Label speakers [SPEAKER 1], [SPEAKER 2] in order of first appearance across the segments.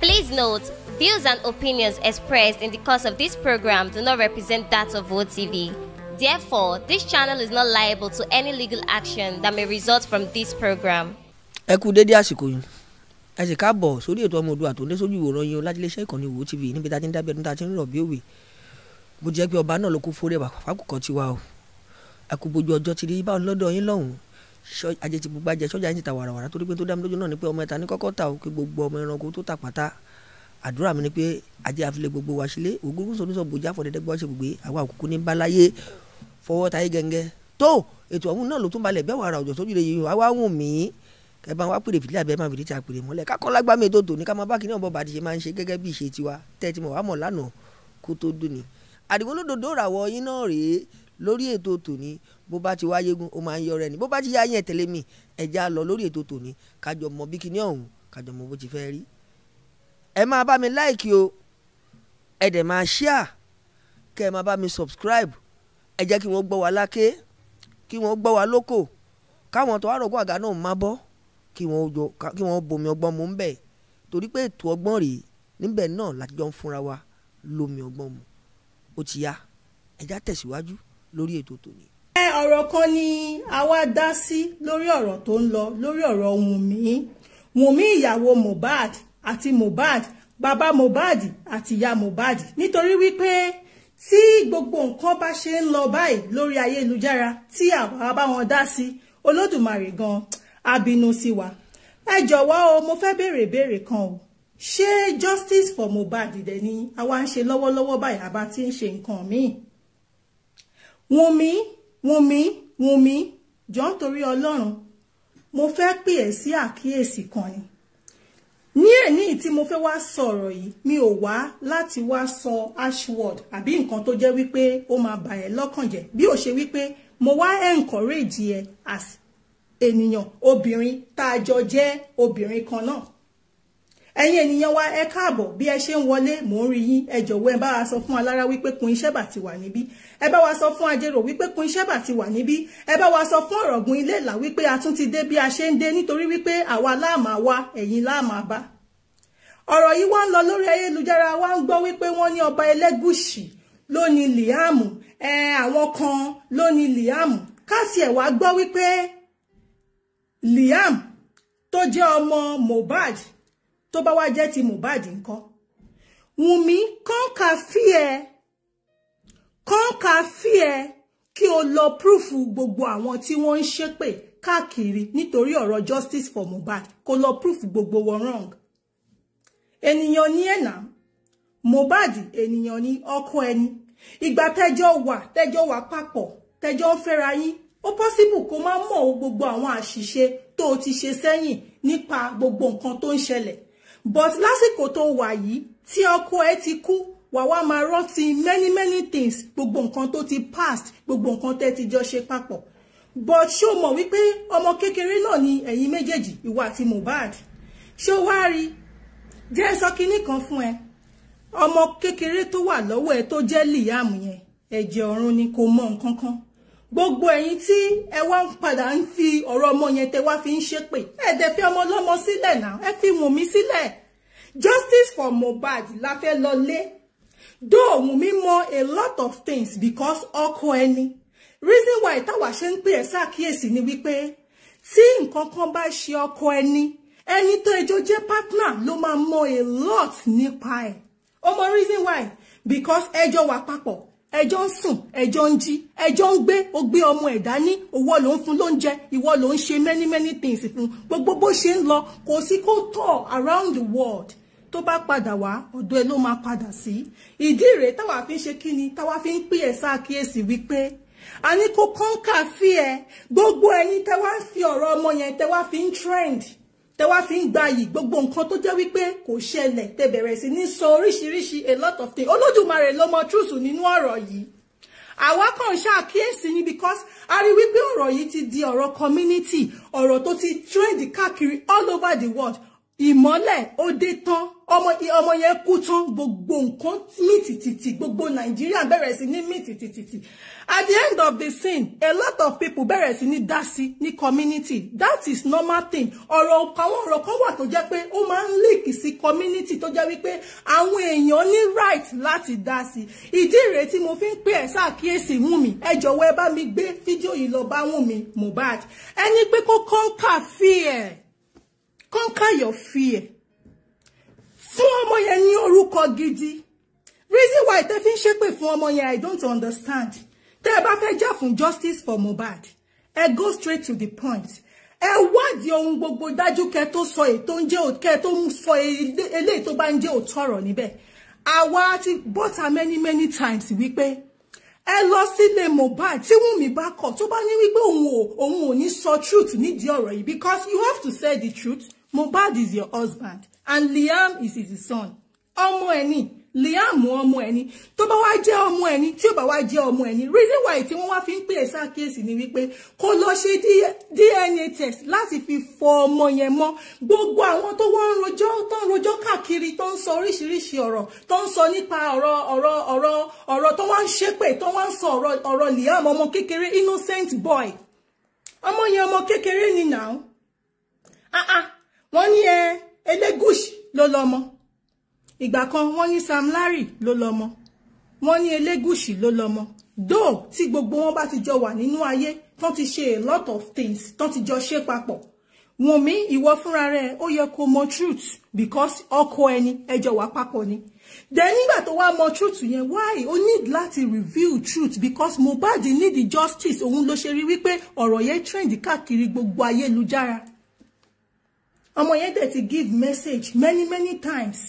[SPEAKER 1] Please note, views and opinions expressed in the course of this program do not represent that of OTV. Therefore, this channel is not liable to any legal action that may result from this
[SPEAKER 2] program. Ẹ kú dédé àsìkò yìí. Ẹ sì káàbọ̀ sórí ètò ọmọ Oòduà tó ń dé sójú ìwòran yín o láti iléeṣẹ́ ìkànnì Wo TV níbi tá a ti ń dábẹ́ ọdún tá ń rọ̀ bí òwe. Mo jẹ́ pé ọba náà ló kó fórè wà fákùkọ tiwa o àkóbójú ọjọ́ ti rí báwọn lọ́dọ̀ yín lọ́hùn ajé ti gbogbo ajé sọ́jà yín ti ta wàràwàrà torí pé tó dá mi lójú náà ni pé ọmọ ẹ̀ta ní kọ́kọ́ ta òkè gbogbo ọmọ ẹranko tó ta pátá àdúrà mi ni pé ajé àfilẹ̀ gbogbo wa sílé ògúngún sọ̀nùsọ̀ bòjá fọ̀dẹ̀dẹ̀ gbọ́ ṣe gbogbo àwa òkùnkù ní báláyé fọwọ́ ta yé gẹ́gẹ́ tó ètò ọ̀hún náà ló tún balẹ̀ bẹ́ẹ̀ wàrà òjò sójú yìí wá wùn mí kẹ bá wa pèrè fìlà bẹ́ẹ̀ máa fìdí tí a pèrè mọ́lẹ̀ kákọ́ lágbàmì ètò tòní ká máa bá kìnìún bọ́ bàdìṣe máa ń ṣe gẹ́gẹ́ bí ìṣe lórí ètò tòní bó bá ti wáyé gun ó máa ń yọrẹ ni bó bá ti yá yẹn tẹ̀lé mi ẹ̀já lọ lórí ètò tòní kájọ mọ bí kíní ọ̀hún kájọ mọ bó ti fẹ́ rí. ẹ máa bá mi láìkì o ẹ dẹ̀ máa ṣíà kẹ́ ẹ máa bá mi subscribe ẹ jẹ́ kí wọ́n gbọ́ wa láké kí wọ́n gbọ́ wa lóko káwọn tó wá àga náà má bọ́ kí wọ́n bomi ọgbọ́n mu ń bẹ̀ torí pé ètò ọgbọ́n rèé níbẹ̀ náà láti jọ ń fúnra wa lómi ọgbọ́n mu ó ti yá ẹ̀já tẹ̀síwájú. lórí ètò tòní.
[SPEAKER 3] ẹ ọ̀rọ̀ kan ni àwa dá sí lórí ọ̀rọ̀ tó ń lọ lórí ọ̀rọ̀ wùnmí wùnmí ìyàwó mohbad àti mohbad bàbá mohbad àti ìyá mohbad nítorí wípé tí gbogbo nǹkan bá ṣe ń lọ báyìí lórí ayélujára tí àwa bá wọn dá sí olódùmarè gan abínú sí wa ẹ jọ̀wọ́ o mo fẹ́ béèrè béèrè kan o ṣé justice for mohbad dẹ̀ ni àwa ń ṣe lọ́wọ́lọ́wọ́ báyìí àbá tí ń ṣe nǹkan míì Wùnmí Wùnmí Wùnmí jọ̀ọ́ nítorí Ọlọ́run mo fẹ́ pè ẹ́ sí àkíyèsí kan ni ní èní tí mo fẹ́ wá sọ̀rọ̀ yìí mi ò wá láti wá sọ ashword àbí nǹkan tó jẹ́ wípé ó máa bà ẹ́ lọ́kàn jẹ́ bí ó ṣe wípé mo wá encourage ẹ as ènìyàn obìnrin tá a jọ jẹ́ obìnrin kan náà ẹ̀yin ènìyàn wa ẹ káàbọ̀ bí ẹ ṣe ń wọlé mò ń rí yín ẹ jọ̀wọ́ ẹ bá a sọ fún alára wípé kun iṣẹ́ bàtì wà níbí ẹ bá wa sọ fún ajérò wípé kun iṣẹ́ bà ti wà níbí ẹ bá wa sọ fún ọ̀rọ̀gùn ilé ìlà wípé a tún ti dé bí a ṣe ń dé nítorí wípé àwa láàmà wa ẹ̀yin láàmà bá ọ̀rọ̀ yìí wá ń lọ lórí ayélujára wa ń gbọ́ wípé wọ́n ní ọba Ẹlẹ́gùṣì ló ní Liam ẹ àwọn kan ló Liam káàsì ẹ̀ wá gbọ́ wípé Liam tó jẹ́ ọmọ Mohbad tó bá wá jẹ́ ti Mohbad ńkọ́ Wùmí kọ́ńkà fí ẹ kọ́ńkà fí ẹ kí o lọ púrúfù gbogbo àwọn tí wọ́n ń ṣépè káàkiri nítorí ọ̀rọ̀ justice for Mohbad kó lọ púrúfù gbogbo wọn wrong ènìyàn ní ẹ̀nà Mohbad ènìyàn ní ọkọ ẹni ìgbà tẹ́jọ́ wà tẹ́jọ́ wà papọ̀ tẹ́jọ́ ń fẹ́ra yín ó possible kó má mọ̀ gbogbo àwọn àṣìṣe tó o ti ṣe sẹ́yìn nípa gbogbo nǹkan tó ń ṣẹlẹ̀ but lásìkò tó wà yìí tí ọkọ ẹ ti kú wà wá máa rántí many many things gbogbo nǹkan tó ti past gbogbo nǹkan tẹ́ ti jọ ṣe papọ̀ but ṣó mọ̀ wípé ọmọ kékeré náà ni ẹ̀yin méjèèjì ìwà àti Mohbad ṣó wá rí jẹ́ sọ kinní kan fún ẹ ọmọ kékeré tó wà lọ́wọ́ ẹ tó jẹ́ Liam yẹn ẹ̀jẹ̀ ọ̀run ni kò mọ nǹkan kan gbogbo ẹ̀yin tí ẹ wá ń padà ń fi ọ̀rọ̀ ọmọ yẹn tẹ wá fi ń ṣépè ẹ dẹ̀ fi ọmọ ọlọ́mọ sílẹ̀ náà ẹ fi Wùnmí sílẹ̀ justice for Mohbad la fẹ́ lọ lé though Wunmi mọ a lot of things because ọkọ ẹni reason why táwa ṣe ń pè ẹ́ ṣàkíyèsí ni wípé tí nǹkan kan bá ṣe ọkọ ẹni ẹni tó ẹjọ jẹ́ partner ló máa mọ a lot nípa ẹ̀ ó reason why because ẹjọ wà papọ̀ ẹjọ ń sùn ẹjọ ń jí ẹjọ ń gbé ó gbé ọmọ ẹ̀ dání òwò ló ń fún lóúnjẹ ìwọ ló ń ṣe many many things fún gbogbo bó ṣe ń lọ kò sí kó tọ̀ around the world tó bá padà wá ọ̀dọ̀ ẹ ló máa padà sí ìdí rèé táwa fi ń ṣe kíni táwa fi ń pín ẹ̀ sáàkíyèsí wípé a ní kó kọ́ńkà fí ẹ gbogbo ẹ̀yin tẹ wá ń fi ọ̀rọ̀ ọmọ yẹn tẹ wá fi ń trend tẹ wá fi ń gbayì gbogbo nǹkan tó jẹ́ wípé kò ṣẹlẹ̀ tẹ bẹ̀rẹ̀ sí ní sọ oríṣiríṣi a lot of things olódùmarè ló mọ truth nínú ọ̀rọ̀ yìí àwa kàn ṣàkíyèsí ni because a rí wípé ọ̀rọ̀ yìí ti di ọ̀rọ̀ community ọ̀rọ̀ tó ti trend káàkiri all over the world ìmọ́lẹ̀ ó dé tán ọmọ ọmọ yẹn kú tán gbogbo nǹkan mìtìtìtì gbogbo nàìjíríà bẹ̀rẹ̀ sí ní mìtìtìtì at the end of the scene a lot of people bẹ̀rẹ̀ sí ní dá sí ní community that is normal thing ọ̀rọ̀ àwọn ọ̀rọ̀ kan wà tó jẹ́ pé ó máa ń leak sí community tó jẹ́ wípé àwọn èèyàn ní right láti dá sí ìdí rèé tí mo fi ń pè ẹ́ ṣàkíyèsí Wùnmí ẹ jọ̀wọ́ ẹ bá mi gbé fídíò yìí lọ bá Wùnmí Mohbad ẹni pé kó conquer fear. Conquer your fear. Fún ọmọ yẹn ní orúkọ gidi. Reason why tẹ́ fi ń ṣépè fún ọmọ yẹn I don't understand. Tẹ́ ẹ bá fẹ́ jà justice for Mohbad. Ẹ go straight to the point. Ẹ wádìí ohun gbogbo dájú kẹ́ tó sọ èyí tó ń jẹ́ òkẹ́ tó ń sọ eléyìí tó bá ń jẹ́ òtọ́ ọ̀rọ̀ níbẹ̀. Àwa ti bọ́ta many many times wípé ẹ lọ sílé Mohbad tí Wùnmí bá kọ̀ tó bá ní wípé òun ò òun ò ní sọ truth nídìí ọ̀rọ̀ yìí because you have to say the truth Mohbad is your husband and Liam is his son ọmọ ẹni Liam ọmọ ẹni tó bá wá jẹ́ ọmọ ẹni tí ò bá wá jẹ́ ọmọ ẹni reason why tí wọ́n wá fi ń pè é ṣàkíyèsí ni wípé kó lọ ṣe DNA test láti fi fọ ọmọ yẹn mọ́ gbogbo àwọn tó wọ́n ń rojọ́ tó ń rojọ́ káàkiri tó ń sọ oríṣiríṣi ọ̀rọ̀ tó ń sọ nípa ọ̀rọ̀ ọ̀rọ̀ ọ̀rọ̀ ọ̀rọ̀ tó wọ́n ń ṣépè tó wọ́n ń sọ ọ̀rọ̀ ọ̀rọ̀ Liam ọmọ kékeré innocent boy ọmọ yẹn ọmọ kékeré ni now ah ah wọ́n ní ẹ Elégùṣì ló lọ́mọ ìgbà kan wọ́n ní Sam Larry ló lọ́mọ wọ́n ní Elégùṣì ló lọ́mọ dóò tí gbogbo wọn bá ti jọ wà nínú ayé tán ti ṣe a lot of things tán ti jọ ṣe papọ̀ Wùnmí ìwọ fúnra rẹ ó yẹ kó mọ truth because ọkọ ẹni ẹjọ wà papọ̀ ni then nígbà tó wá mọ truth yẹn why o need láti reveal truth because Mohbad need justice òun ló ṣe rí wípé ọ̀rọ̀ yẹn trend káàkiri gbogbo ayélujára ọmọ yẹn dẹ̀ ti give message many many times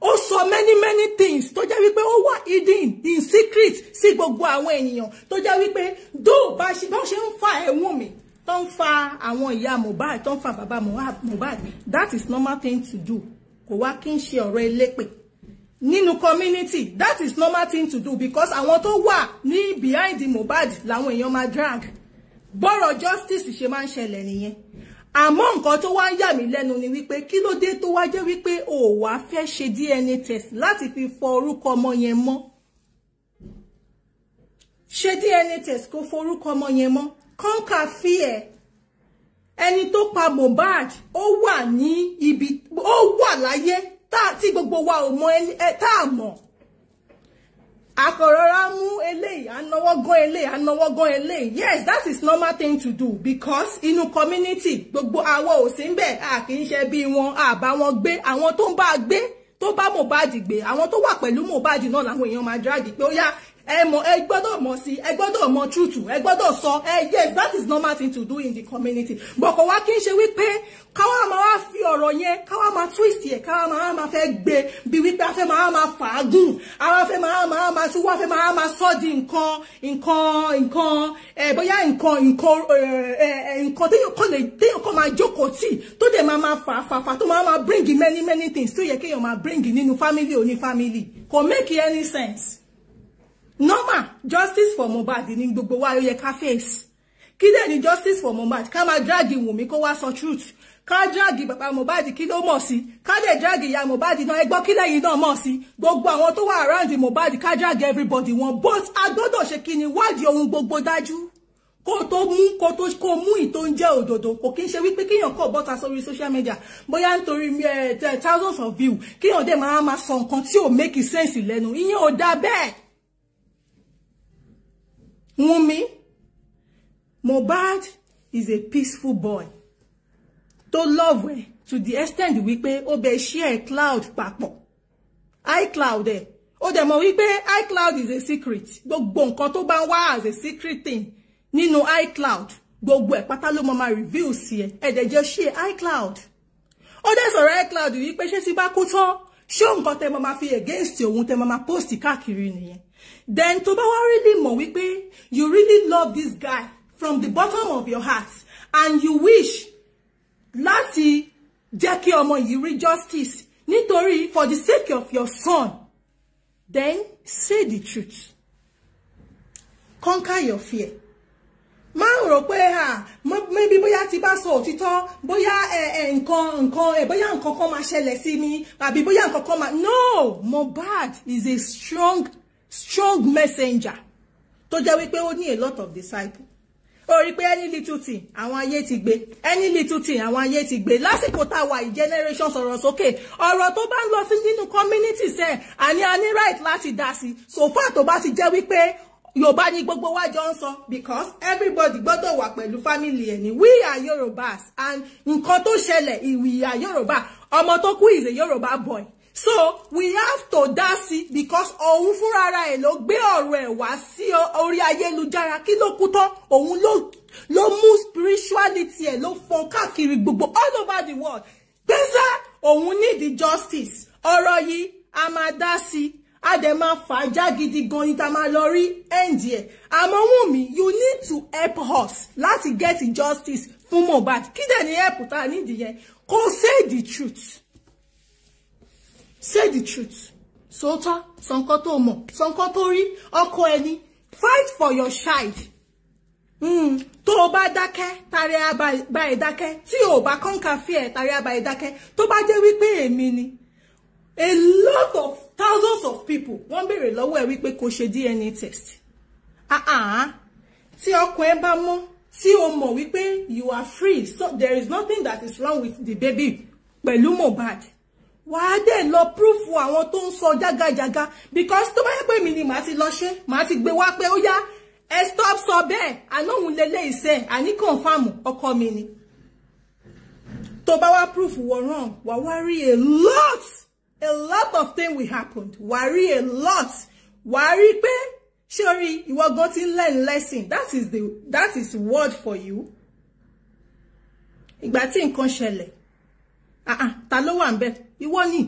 [SPEAKER 3] ó sọ many many things tó jẹ́ wípé ó wà hidden in secret sí gbogbo àwọn ènìyàn tó jẹ́ wípé dó bá ṣe ń fa ẹ̀wọ̀n mi tó ń fa àwọn ìyá Mohbad tó ń fa bàbá Mohbad that is normal thing to do kò wá kí n ṣe ọ̀rọ̀ elépè nínú community that is normal thing to do because àwọn tó wà ní behind Mohbad làwọn èèyàn máa drag bọ́rọ̀ justice ṣe máa ń ṣẹlẹ̀ nìyẹn àmọ́ nǹkan tó wá ń yà mí lẹ́nu ni wípé kí ló dé tó wá jẹ́ wípé ò wá fẹ́ ṣe DNA test láti fi fọ orúkọ ọmọ yẹn mọ́ ṣe DNA test kó forúkọ ọmọ yẹn mọ́ kọ́ńkà fi ẹ̀ ẹni tó pa Mohbad ó wà ní ibi ó wà láyé tá tí gbogbo wa ò mọ tá a mọ̀ akọ̀rọ̀ra mú eléyìí anáwọ́ gan eléyìí anáwọ́ gan eléyìí yes that is normal thing to do because inú community gbogbo àwọn ò sí ń bẹ̀ a kì í ṣe bí wọn àbá wọn gbé àwọn tó ń bá a gbé tó bá Mohbad gbé àwọn tó wà pẹ̀lú Mohbad náà làwọn èèyàn máa drag pé ó yá ẹ mọ̀ ẹ gbọ́dọ̀ mọ̀ sí ẹ gbọ́dọ̀ mọ̀ tútù ẹ gbọ́dọ̀ sọ ẹ yes that is normal thing to do in the community bọ̀kọ̀ wá kí n ṣe wípé káwá máa wá fi ọ̀rọ̀ yẹn káwá máa twist yẹn káwá máa máa fẹ́ gbé bí wípé a fẹ́ máa máa fàágùn ara fẹ́ máa máa máa tún wá fẹ́ máa máa sọ di nǹkan nǹkan nǹkan ẹ bóyá nǹkan nǹkan ẹ nǹkan téèyàn kò lè téèyàn kò máa jókòó tì tó dẹ̀ máa máa fà fà fà tó máa máa bring many many things tó yẹ kéèyàn máa bring nínú family oní family kò make any sense normal justice for Mohbad ní gbogbo wa yóò yẹ ká face kí dẹ̀ ni justice for Mohbad ká máa dragi Wùnmí kó wá sọ truth ká dragi bàbá Mohbad kí ló mọ̀ sí ká dẹ̀ dragi ìyá Mohbad náà ẹgbọ́n kí lẹ́yìn náà mọ̀ sí gbogbo àwọn tó wà around Mohbad ká drag everybody wọn but a gbọ́dọ̀ ṣe kí ni wádìí ohun gbogbo dájú kó tó mú kó tó kó mú ì tó ń jẹ́ òdòdó kò kí n ṣe wípé kíyàn kọ̀ bọ́ta sórí social media bóyá nítorí eh, thousands of views. kíyàn dẹ̀ máa máa sọ nǹkan tí ò make sense lẹ́nu ìyẹn ò dá bẹ́ẹ̀ Wunmi, Mohbad is a peaceful boy. To love ẹ to the extent wípé ó bẹ share cloud papọ̀. iCloud ẹ̀ ó dẹ̀ mọ̀ wípé iCloud is a secret. Go go tó bá ń wá as a secret thing nínú iCloud gbogbo go. pátá ló mọ̀ máa reveal sí ẹ ẹ dẹ̀ jẹ́ share iCloud. Ó dẹ̀ sọ̀rọ̀ iCloud wípé ṣé tí bá kú tán ṣé nǹkan tẹ́ mọ̀ máa fi against òun tẹ́ mọ̀ máa post ni nìyẹn then tó bá wá really mọ̀ wípé you really love this guy from the bottom of your heart and you wish láti jẹ́ kí ọmọ yìí rí justice nítorí for the sake of your son then say the truth conquer your fear má rò pé à maybe bóyá ti bá sọ òtítọ́ bóyá nǹkan nǹkan bóyá nǹkan kan máa ṣẹlẹ̀ sí mi àbí bóyá nǹkan kan máa no Mohbad is a strong strong messenger tó jẹ́ wípé ó ní a lot of disciples ó rí pé any little thing àwọn ayé ti gbé any little thing àwọn ayé ti gbé lásìkò tá a wà yìí generation sọ̀rọ̀ sókè ọ̀rọ̀ tó bá ń lọ sí nínú community sẹ́ àní a ní right láti dá sí so far tó bá ti jẹ́ wípé Yorùbá ni gbogbo wa jọ ń sọ because everybody gbọ́dọ̀ wà pẹ̀lú family ẹ̀ we are Yorùbás and nǹkan tó ṣẹlẹ̀ we are Yorùbá ọmọ tó kú is a Yorùbá boy so we have to dá sí because òun fúnra ara ẹ̀ ló gbé ọ̀rọ̀ ẹ̀ wá sí orí ayélujára kí ló kú tán òun ló mú spirituality ẹ̀ ló fọ́n káàkiri gbogbo all over the world gbèsè òun need the justice ọ̀rọ̀ yìí a máa dá sí a dẹ̀ máa fà á já gidi gan ni ta máa lọ rí end ẹ̀ àmọ́ Wunmi you need to help us láti get justice fún Mohbad kí dẹ̀ ní help tá a nídìí yẹn kó say the truth say the truth Sota, sọ nǹkan tó mọ̀ sọ nǹkan tó rí fight for your child hmm, tó o bá dákẹ́ tàrí ba ẹ̀ dákẹ́ tí o bá kọ́ńkà fi ẹ̀ tàrí àbá ẹ̀ dákẹ́ tó bá jẹ́ ni a lot of thousands of people wọ́n béèrè lọ́wọ́ ẹ̀ wípé kò ṣe DNA test tí ọkọ ẹ bá mọ́ tí o mo, wípé you are free so there is nothing that is wrong with the baby mo bad wàá dẹ̀ lọ púrúfù àwọn tó ń sọ jágajàga because tó bá yẹ pé mi ni màá ti lọ ṣe màá ti gbé wá pé ó yá ẹ stop sọ bẹ́ẹ̀ àná òun lélẹ̀ ìṣe àní confam ọkọ mi ni tó bá wá púrúfù wọ̀ ràn wá rí a lot a lot of things will happen wàá rí a lot wàá rí pé ṣé orí ìwọ gan ti ń learn lesson that is the that is word for you ìgbà tí nǹkan ṣẹlẹ̀ ah ah ta ló wà ń bẹ̀ ìwọ ni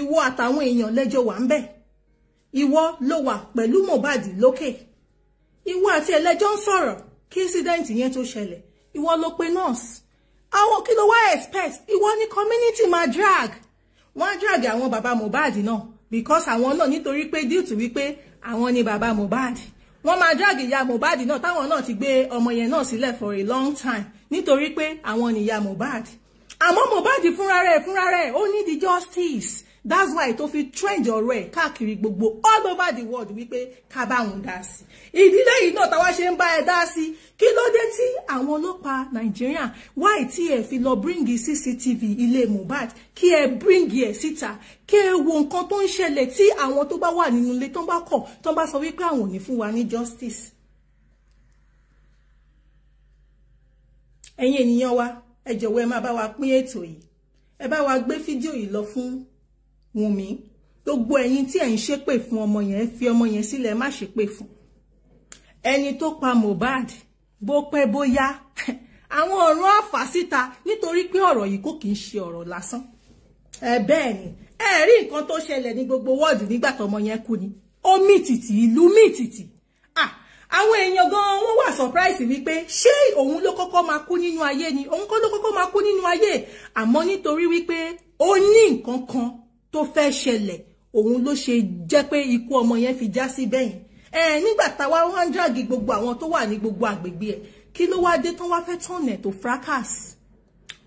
[SPEAKER 3] ìwọ àtàwọn èèyàn lẹjọ wà ń bẹ ìwọ ló wà pẹ̀lú Mohbad lókè ìwọ àti ẹlẹjọ ń sọ̀rọ̀ kí incident yẹn tó ṣẹlẹ̀ ìwọ ló pe nurse àwọn kí ló wá expect ìwọ ni community ma drag wọ́n á drag àwọn bàbá Mohbad náà because àwọn náà nítorí pé due to wípé àwọn ni baba Mohbad wọ́n máa drag ìyá Mohbad náà táwọn náà ti gbé ọmọ yẹn náà sílẹ̀ for a long time nítorí pé àwọn ni ìyá Mohbad àmọ́ Mohbad fúnra rẹ̀ fúnra rẹ̀ ó need justice that's why tó fi trend ọ̀rọ̀ ẹ̀ káàkiri gbogbo all over the world wípé ká bá wọn dá sí ìdílé yìí náà táwa ṣe ń bá ẹ dá sí kí ló dé tí àwọn ọlọ́pàá nàìjíríà why tí ẹ fi lọ bíríngì cctv ilé Mohbad kí ẹ bring ẹ síta kí ẹ wo nǹkan tó ń ṣẹlẹ̀ tí àwọn tó bá wà nínú ilé tó ń bá kọ̀ tó ń bá sọ wípé àwọn ò ní fún wa ní justice ẹ̀yin ènìyàn wa ẹ jọ̀wọ́ ẹ máa bá wa pín ètò yìí ẹ bá wa gbé fídíò yìí lọ fún Wùnmí gbogbo ẹ̀yin tí ẹ ń ṣépè fún ọmọ yẹn ẹ fi ọmọ yẹn sílẹ̀ má ṣépè fún ẹni tó pa Mohbad bó pẹ́ bóyá àwọn ọ̀rọ̀ àfà síta nítorí pé ọ̀rọ̀ yìí kò kì í ṣe ọ̀rọ̀ lásán ẹ ni ẹ rí nǹkan tó ṣẹlẹ̀ ní gbogbo wọ́ọ̀dù nígbà tọmọ yẹn kú ni ó tìtì ìlú mì tìtì àwọn èèyàn gan wọ́n wà surprise wípé ṣé òun ló kọ́kọ́ máa kú nínú ayé ni òun kọ́ ló kọ́kọ́ máa kú nínú ayé àmọ́ nítorí wípé ó ní nǹkan kan tó fẹ́ ṣẹlẹ̀ òun ló ṣe jẹ́ pé ikú ọmọ yẹn fi já sí bẹ́yìn ẹ nígbà táwa wọ́n drag gbogbo àwọn tó wà ní gbogbo àgbègbè ẹ̀ kí ló wá dé tán wá fẹ́ tọ̀nà tó fracas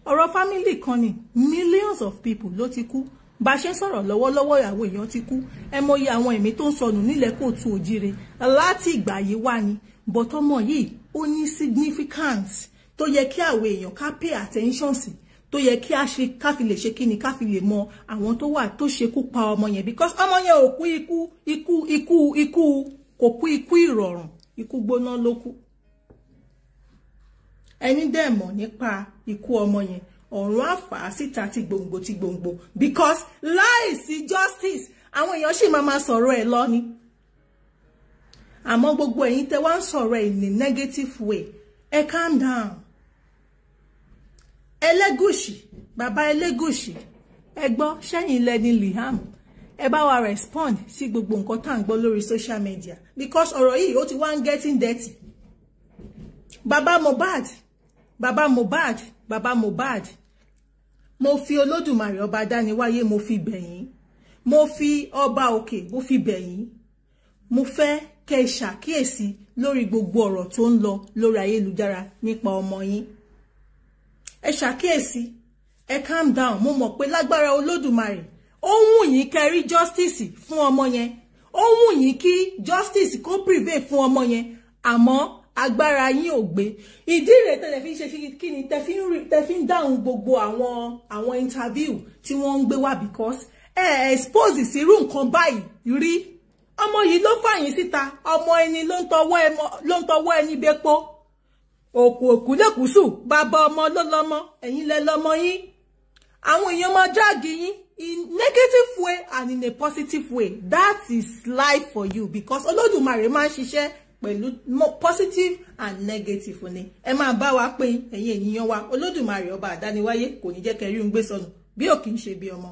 [SPEAKER 3] ọ̀rọ̀ family kan ni millions of people ló ti kú bá a ṣe ń sọ̀rọ̀ lọ́wọ́lọ́wọ́ àwọn èèyàn ti kú ẹ mọyì àwọn ẹ̀mí tó ń sọnù nílẹ̀ kóòtù òjire láti ìgbà yìí wá ni bọ́tọ́mọ̀ yìí ó ní significant tó yẹ kí àwọn èèyàn ká pay attention sí tó yẹ kí ká fi lè ṣe kí ni ká fi lè mọ àwọn tó wà tó ṣekú pa ọmọ yẹn because ọmọ yẹn ò kú ikú ikú ikú ikú kò kú ikú ìrọ̀rùn ikú gbóná ló kú ẹni dẹ̀ mọ̀ nípa ikú ọmọ yẹn ọ̀run àfà síta ti gbòǹgbò ti gbòǹgbò because láìsí justice àwọn èèyàn sì máa máa sọ̀rọ̀ ẹ̀ lọ ni àmọ́ gbogbo ẹ̀yin tẹ́ wá ń sọ̀rọ̀ ẹ̀ ní negative way ẹ calm down Ẹlẹ́gùṣì bàbá Ẹlẹ́gùṣì ẹ gbọ́ sẹ́yìn lẹ́ni Liam ẹ bá wa respond sí gbogbo nǹkan tá à ń gbọ́ lórí social media because ọ̀rọ̀ yìí ó ti wá ń getting dirty bàbá Mohbad bàbá Mohbad Baba Mohbad mo fi olódùmarè ọba dániwáyé mo fi bẹ̀yín mo fi ọba òkè mo fi bẹ̀yín mo fẹ́ kẹ́ ẹ ṣàkíyèsí lórí gbogbo ọ̀rọ̀ tó ń lọ lórí ayélujára nípa ọmọ yín ẹ ṣàkíyèsí ẹ calm down mo mọ̀ pé lágbára olódùmarè ó wù yín kẹrí justice fún ọmọ yẹn ó wù yín kí justice kó prevail fún ọmọ yẹn àmọ́ agbára yín ò gbé ìdí rèé tẹ́lẹ̀ fi ń ṣe kí ni tẹ́ fi ń dáhùn gbogbo àwọn àwọn interview tí wọ́n ń gbé wá because ẹ eh, expose sírú nǹkan báyìí rí ọmọ yìí ló fàyín síta ọmọ ẹni ló ń tọwọ́ ẹni bepo òkú òkú lẹ́kùsù bàbá ọmọ ló lọ́mọ ẹ̀yin lẹ lọ́mọ yín àwọn èèyàn máa dráàgì yín in negative way and in a positive way that is life for you because olódùmarè máa ń ṣiṣẹ́ pẹ̀lú positive and negative ni ẹ máa bá wa pé ẹ̀yin ènìyàn wa olódùmarè ọba àdániwáyé kò ní jẹ́ kẹrí ń gbé sọnù bí ò kì í ṣe bí ọmọ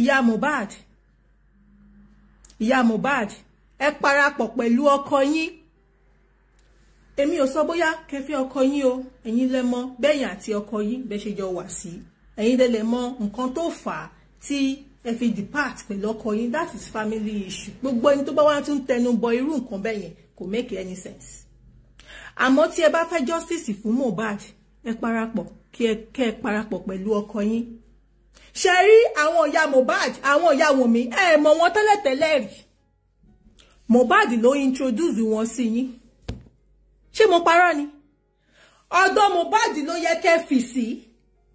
[SPEAKER 3] ìyá Mohbad ìyá Mohbad ẹ parapọ̀ pẹ̀lú ọkọ yín èmi ò sọ bóyá kẹfẹ́ ọkọ yín o ẹ̀yin lẹ mọ̀ bẹ́yìn àti ọkọ yín bẹ́ ṣe jọ wà sí ẹ̀yin lẹ lẹ mọ̀ nǹkan tó fà á tí ẹ fi depart pẹ̀lú ọkọ yín that is family issue gbogbo ẹni tó bá wá tún tẹnu bọ irú nǹkan bẹ́ẹ̀ yẹn kò make any sense àmọ́ tí ẹ bá fẹ́ justice fún Mohbad ẹ parapọ̀ kí ẹ kẹ́ ẹ parapọ̀ pẹ̀lú ọkọ yín ṣe rí àwọn ìyá Mohbad àwọn ìyá Wùnmí ẹ mọ̀ wọn tẹ́lẹ̀tẹ́lẹ̀ rí Mohbad ló introduce wọn sí yín ṣé mo parọ́ ni ọ̀dọ̀ Mohbad ló yẹ kẹ́ fi sí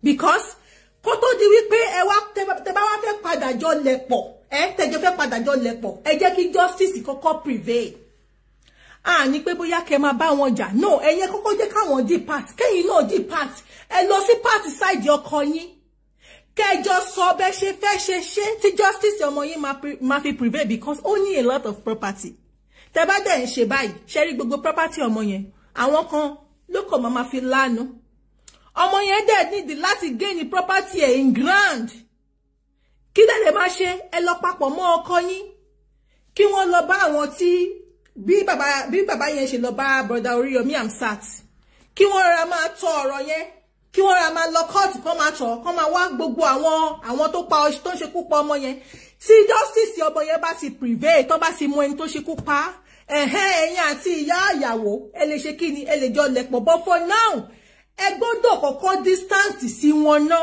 [SPEAKER 3] because kó tó di wípé ẹ wá tẹ bá wá fẹ́ padà jọ lẹ̀pọ̀ ẹ tẹ̀jọ́ fẹ́ padà jọ lẹ̀pọ̀ ẹ jẹ́ kí justice kọ́kọ́ prevail àní pé bóyá kẹ máa bá wọn jà no ẹ̀yẹn kọ́kọ́ jẹ́ káwọn di part kẹ́yìn náà di part ẹ lọ sí part side ọkọ yín kẹjọ sọ bẹ ṣe fẹ́ ṣe ṣe tí justice ọmọ yín máa fi prevail because ó ní a lot of property tẹ bá dẹ̀ ń ṣe báyìí ṣe rí gbogbo property ọmọ yẹn àwọn kan ló kọ̀ máa fi lánàá ọmọ yẹn dẹ̀ nídìí láti gain property ẹ̀ in grand kí dẹ̀dẹ̀ máa ṣe ẹ lọ papọ̀ mọ́ ọkọ yín kí wọ́n lọ bá àwọn tí bí bàbá bí bàbá yẹn ṣe lọ bá broda Oríyọmí Amsat kí wọ́n rọra máa tọ ọ̀rọ̀ yẹn kí wọ́n rọra máa lọ kóòtù kán máa tọ̀ kán máa wá gbogbo àwọn àwọn tó pa tó ń ṣekú pa ọmọ yẹn tí justice ọmọ yẹn bá ti prevail tó bá ti mú ẹni tó ṣekú pa ẹ̀hẹ́n ẹ̀yin àti ìyá ìyàwó ẹ lè ṣe kí ni ẹ lè jọ lẹ̀pọ̀ but for now ẹ gbọ́dọ̀ distance sí wọn ná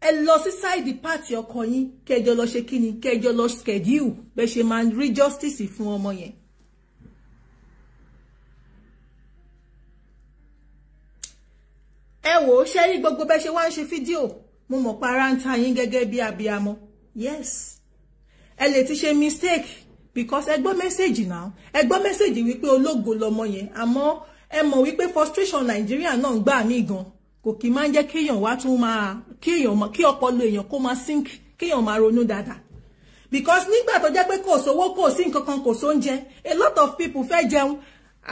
[SPEAKER 3] ẹ lọ sí side party ọkọ yín kẹjọ lọ ṣe kíni kẹjọ lọ schedule bẹ ṣe máa rí justice fún ọmọ yẹn. ẹ wò ó ṣe rí gbogbo bẹ ṣe wá ń ṣe fídíò mo mọ̀ pa ara ń ta yín gẹ́gẹ́ bí abiyamọ yes ẹ lè ti ṣe mistake because ẹ gbọ́ mẹ́sẹ̀gì náà ẹ gbọ́ mẹ́sẹ̀gì wípé ológo lọmọ yẹn àmọ́ ẹ mọ̀ wípé frustration nàìjíríà náà ń gbà mí gan kò kì í máa ń jẹ́ kéèyàn wá tún máa kéèyàn kí ọpọlọ èèyàn kó máa sink kéèyàn máa ronú dáadáa because nígbà tó jẹ́ pé kò sówó kò sí nǹkan kan kò sóúnjẹ a lot of people fẹ́ jẹun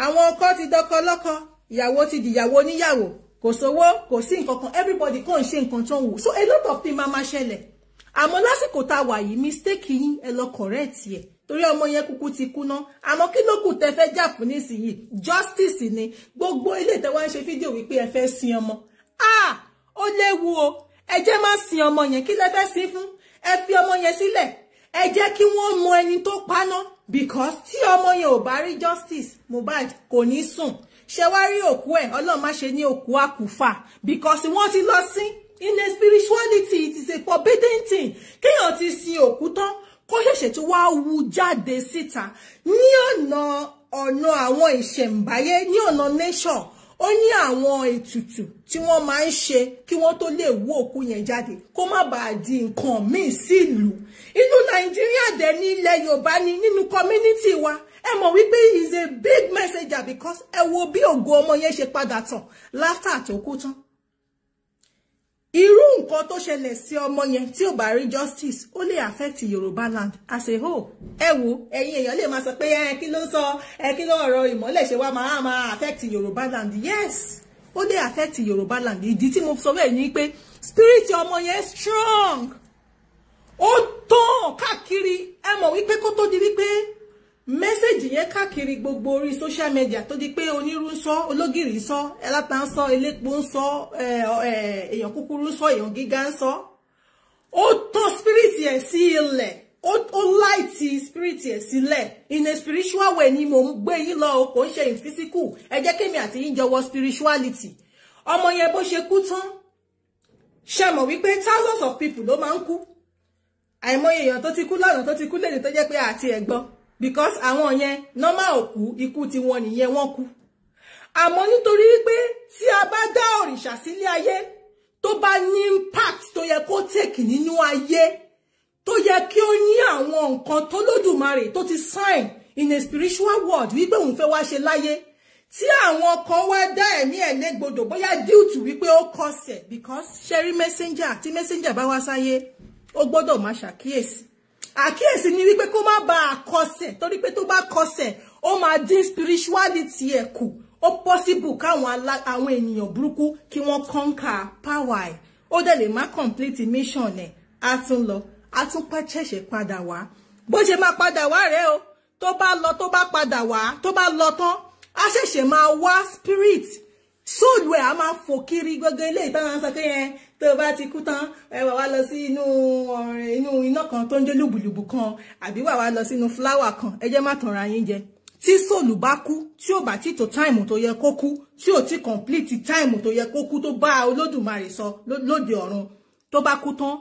[SPEAKER 3] àwọn ọkọ ti dọkọ lọ́kọ ìyàwó ti dìyàwó níyàwó kò sówó kò sí nǹkan kan everybody kàn ń ṣe nǹkan tó ń wò so a lot of things máa máa ṣẹlẹ̀ àmọ́ lásìkò tá a wà yìí mistake yín ẹ lọ correct yẹn torí ọmọ yẹn kúkú ti kúná àmọ́ kí ló kù tẹ fẹ́ jà fún nísìnyìí justice ni gbogbo ilé ìtẹwà ń ṣe fídíò wípé ẹ fẹ́ sin ọmọ ah ó léwu o ẹ jẹ́ má sin ọmọ yẹn kí lẹ fẹ́ sin fún ẹ fi ọmọ yẹn sílẹ̀ ẹ jẹ́ kí wọ́n mọ ẹni tó paná because tí ọmọ yẹn ò bá rí justice Mohbad kò ní sùn ṣe wá rí òkú ẹ̀ Ọlọ́run má ṣe ní òkú àkùfà because wọ́n ti lọ sin in a spirituality it is a forbidden thing kéèyàn ti sin òkú tán kó ṣẹ̀ṣẹ̀ tí wá wu jáde síta ní ọ̀nà ọ̀nà àwọn ìṣẹ̀ǹbáyé ní ọ̀nà nation ó ní àwọn ètùtù tí wọ́n máa ń ṣe kí wọ́n tó lè wú òkú yẹn jáde kó má bàa di nǹkan míì sílùú inú nàìjíríà dẹ̀ ní ilẹ̀ yorùbá ni nínú community wa ẹ mọ̀ wípé he is a big messenger because ẹ wo bí ògo ọmọ yẹn ṣe padà tàn láfà tó kú tán irú nǹkan tó ṣẹlẹ̀ sí ọmọ yẹn tí ò bá rí justice ó lè affect yorùbá land as a whole ẹ wo ẹ̀yin èèyàn lè máa sọ pé ẹ eh, kí ló sọ ẹ eh, kí ló ọ̀rọ̀ ìmọ́lẹ̀ ṣe wá máa máa affect yorùbá land yes ó lè affect yorùbá land ìdí tí mo sọ bẹ́ẹ̀ ni pé spirit ọmọ yẹn strong ó tàn káàkiri ẹ mọ̀ wípé kó tó di wípé mẹ́sẹ̀jì yẹn káàkiri gbogbo orí social media tó di pé onírú ń sọ ológìrì ń sọ ẹláta ń sọ elépo ń sọ èèyàn kúkúrú ń sọ èèyàn gíga ń sọ ó tọ́ spirit ẹ̀ sí ilẹ̀ ó láìtì spirit ẹ̀ sílẹ̀ in a spiritual way ni mo ń gbé yín lọ kò ń ṣe in physical ẹ jẹ́ kémi àti yín jọ spirituality ọmọ yẹn bó ṣe kú tán ṣe mọ̀ wípé thousands of people ló máa ń kú àìmọye èèyàn tó ti kú lọ́nà tó ti kú lẹ́yìn tó jẹ́ pé àti ẹ̀gbọ́n because àwọn yẹn normal òkú ikú tí wọ́n nìyẹn wọ́n kú àmọ́ nítorí wípé tí a bá dá òrìṣà sílé ayé tó bá ní impact tó yẹ kó take nínú ayé tó yẹ kí ó ní àwọn nǹkan tó lódùmarè tó ti sign in a spiritual world wípé òun fẹ́ wá ṣe láyé tí àwọn kan wá dá ẹ̀mí ẹ̀ légbodò bóyá díùtù wípé ó kọsẹ̀ because ṣe rí messenger tí messenger bá wá sáyé ó gbọ́dọ̀ máa ṣàkíyèsí àkíyèsí ni wípé kó má ba àkọsẹ̀ torí pé tó bá kọsẹ̀ ó máa dín spirituality ẹ̀ kù ó possible káwọn àwọn ènìyàn burúkú kí wọ́n conquer power ẹ̀ ó dẹ̀ lè má complete mission ẹ̀ á tún lọ á tún ṣẹ̀ṣẹ̀ padà wá bó ṣe máa padà wá rèé o tó bá lọ tó bá padà wá tó bá lọ tán á ṣẹ̀ṣẹ̀ máa wá spirit soul ẹ̀ á máa fò kiri gbogbo ilé ìtàn àwọn sọ pé yẹn tó o bá ti kú tán ẹ wà wá lọ sí inú ọ̀rìn inú iná kan tó ń jẹ́ lùbùlùbù kan àbí wà wá lọ sínú fúláwà kan ẹ jẹ́ má tanra yín jẹ tí sòlù bá kú tí ò bá ti tó táìmù tó yẹ kó kú tí ò ti kọ̀ǹpìlìtì táìmù tó yẹ kó kú tó bá olódùmarè sọ lóde ọ̀run tó bá kú tán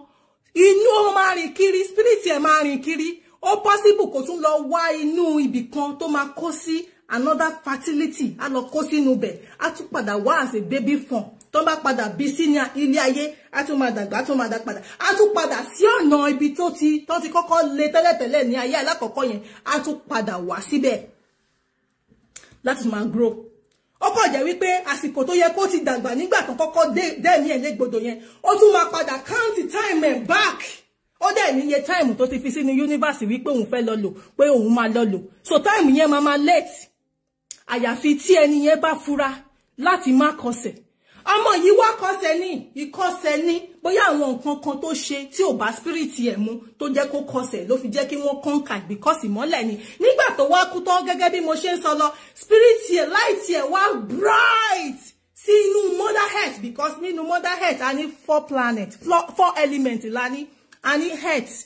[SPEAKER 3] inú ó máa rìn kiri spirit ẹ̀ máa rìn kiri ó possible kó tún lọ wá inú ibì kan tó máa kó sí another fertility a lọ kó sínú bẹ̀ a tún padà wá as baby form tó bá padà bí sí ní ilé ayé á tún máa dàgbà á tún máa dà padà á tún padà sí ọ̀nà ibi tó ti tó ti kọ́kọ́ lé tẹ́lẹ̀tẹ́lẹ̀ ní ayé alákọ̀ọ́kọ́ yẹn á tún padà wá síbẹ̀ láti máa grow ó kọ̀ jẹ́ wípé àsìkò tó yẹ kó ti dàgbà nígbà tó kọ́kọ́ dẹ́ẹ̀mí ẹ̀ légbodò yẹn ó tún máa padà count time ẹ̀ back ó dẹ̀ níye time tó ti fi sí ní yúnívásì wípé òun fẹ́ lọ lò pé òun máa lọ lò so time yẹn máa máa late àyàfi tí ẹni yẹn bá fura láti má kọsẹ̀ ọmọ yìí wá kọsẹ̀ ní ìkọsẹ̀ ní bóyá àwọn nǹkan kan tó ṣe tí ò bá spirit ẹ̀ mu tó jẹ́ kó kọsẹ̀ ló fi jẹ́ kí wọ́n kọ́ńkà bíkọ́sì mọ́lẹ̀ ni nígbà tó wá kú tán gẹ́gẹ́ bí mo ṣe ń sọ lọ spirit ẹ̀ light ẹ̀ wá bright sí inú mother earth because nínú mother earth a ní four planet four element la ní a ní earth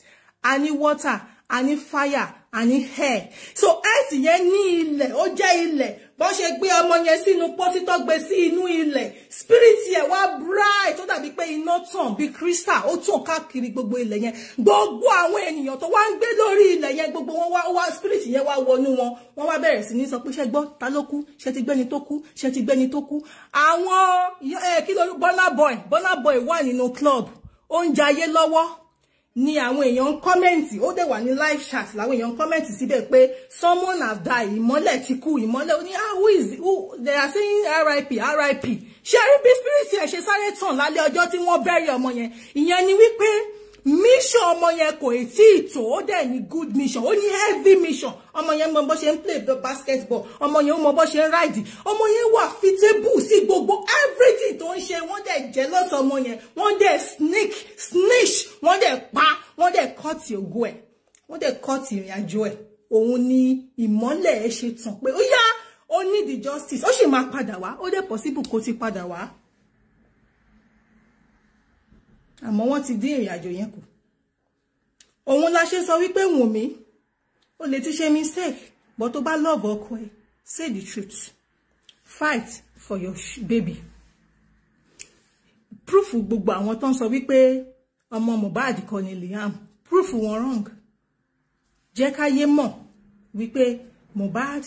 [SPEAKER 3] a ní water a ní fire a ní hair. so earth yẹn ní ilẹ̀ ó jẹ́ ilẹ̀ bọ́n ṣe gbé ọmọ yẹn sínú pósí gbé sí inú ilẹ̀ spirit yẹn wá bright tó dàbí pé iná tàn bí crystal ó tàn káàkiri gbogbo ilẹ̀ yẹn gbogbo àwọn ènìyàn tó wá ń gbé lórí ilẹ̀ yẹn gbogbo wọn wá wá spirit yẹn wá wọnú wọn wọn wá bẹ̀rẹ̀ sí ní sọ pé ṣe gbọ́ ta ló kú ṣe ti gbẹ́ni tó kú ṣe ti gbẹ́ni tó kú àwọn kí lóru Burna Boy Burna Boy wà nínú club ó ń jayé lọ́wọ́ ni àwọn èèyàn kọ́mẹ́ǹtì ó dẹ̀ wà ní live chat làwọn èèyàn kọ́mẹ́ǹtì síbẹ̀ pé someone have died ìmọ́lẹ̀ ti kú ìmọ́lẹ̀ ó ní ah who is who they are saying rip rip ṣe rí bí spirit ẹ̀ ṣe sáré tàn lálẹ́ ọjọ́ tí wọ́n bẹ̀rẹ̀ ọmọ yẹn ìyẹn ni wípé mission ọmọ yẹn kò tí ì tó ó dẹ̀ ní good mission ó ní heavy mission ọmọ yẹn mọ bó ṣe ń play the basketball ọmọ yẹn ó mọ bó ṣe ń ride ọmọ yẹn wà fitable sí gbogbo everything tó ń ṣe wọ́n dẹ̀ jealous ọmọ yẹn wọ́n dẹ̀ sneak snitch wọ́n dẹ̀ pa wọ́n dẹ̀ cut ògo ẹ̀ wọ́n dẹ̀ cut ìrìn àjò ẹ̀ òun ni ìmọ́lẹ̀ ẹ̀ ṣe tàn pé ó yá ó ní the justice ó sì máa padà wá ó dẹ̀ possible kó ti padà wá àmọ́ wọ́n ti dín ìrìn àjò yẹn kù òun la ṣe sọ wípé Wùnmí o lè ti ṣe mistake but tó bá love ọkọ ẹ say the truth fight for your baby proof gbogbo àwọn tó ń sọ wípé ọmọ Mohbad kọ́ ni Liam proof wọn wrong jẹ́ káyé mọ̀ wípé Mohbad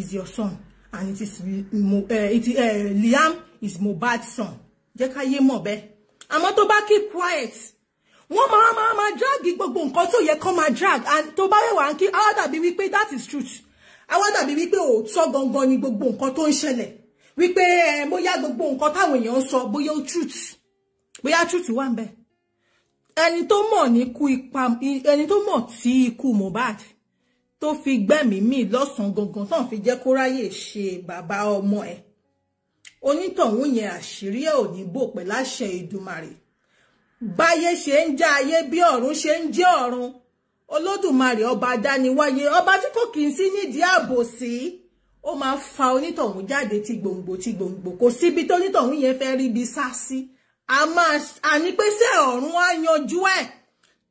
[SPEAKER 3] is your son and it is uh, it, uh, Liam is Mohbad's son jẹ́ káyé mọ̀ bẹ́ẹ̀ àmọ́ tó bá keep quiet wọ́n máa máa máa drag gbogbo nǹkan tó yẹ kán máa drag and tó bá rẹwà ń kí á dàbí wípé that is truth á wá dàbí wípé òótọ́ gangan ni gbogbo nǹkan tó ń ṣẹlẹ̀ wípé ẹ eh, bóyá gbogbo nǹkan táwọn èèyàn sọ bóyá truth bóyá truth wà ń bẹ ẹni tó mọ̀ ní ikú ipa ẹni tó mọ̀ tí ikú Mohbad tó fi gbẹ̀mí mì lọ́sàn-án gangan tán fi jẹ́ kó ráyè ṣe bàbá ọmọ ẹ̀ onítọ̀hún yẹn àṣírí ẹ̀ ò ní bò pẹ̀ láṣẹ Èdùmàrè báyé ṣe ń jẹ́ ayé bí ọ̀run ṣe ń jẹ́ ọ̀run Olódùmarè ọba adániwáyé ọba tí kò kì í sí nídìí àbòsí ó máa fa onítọ̀hún jáde ti gbòǹgbò ti gbòǹgbò kò síbi tó onítọ̀hún yẹn fẹ́ rí bi sá sí a máa àní pé ṣé ọ̀run á yanjú ẹ̀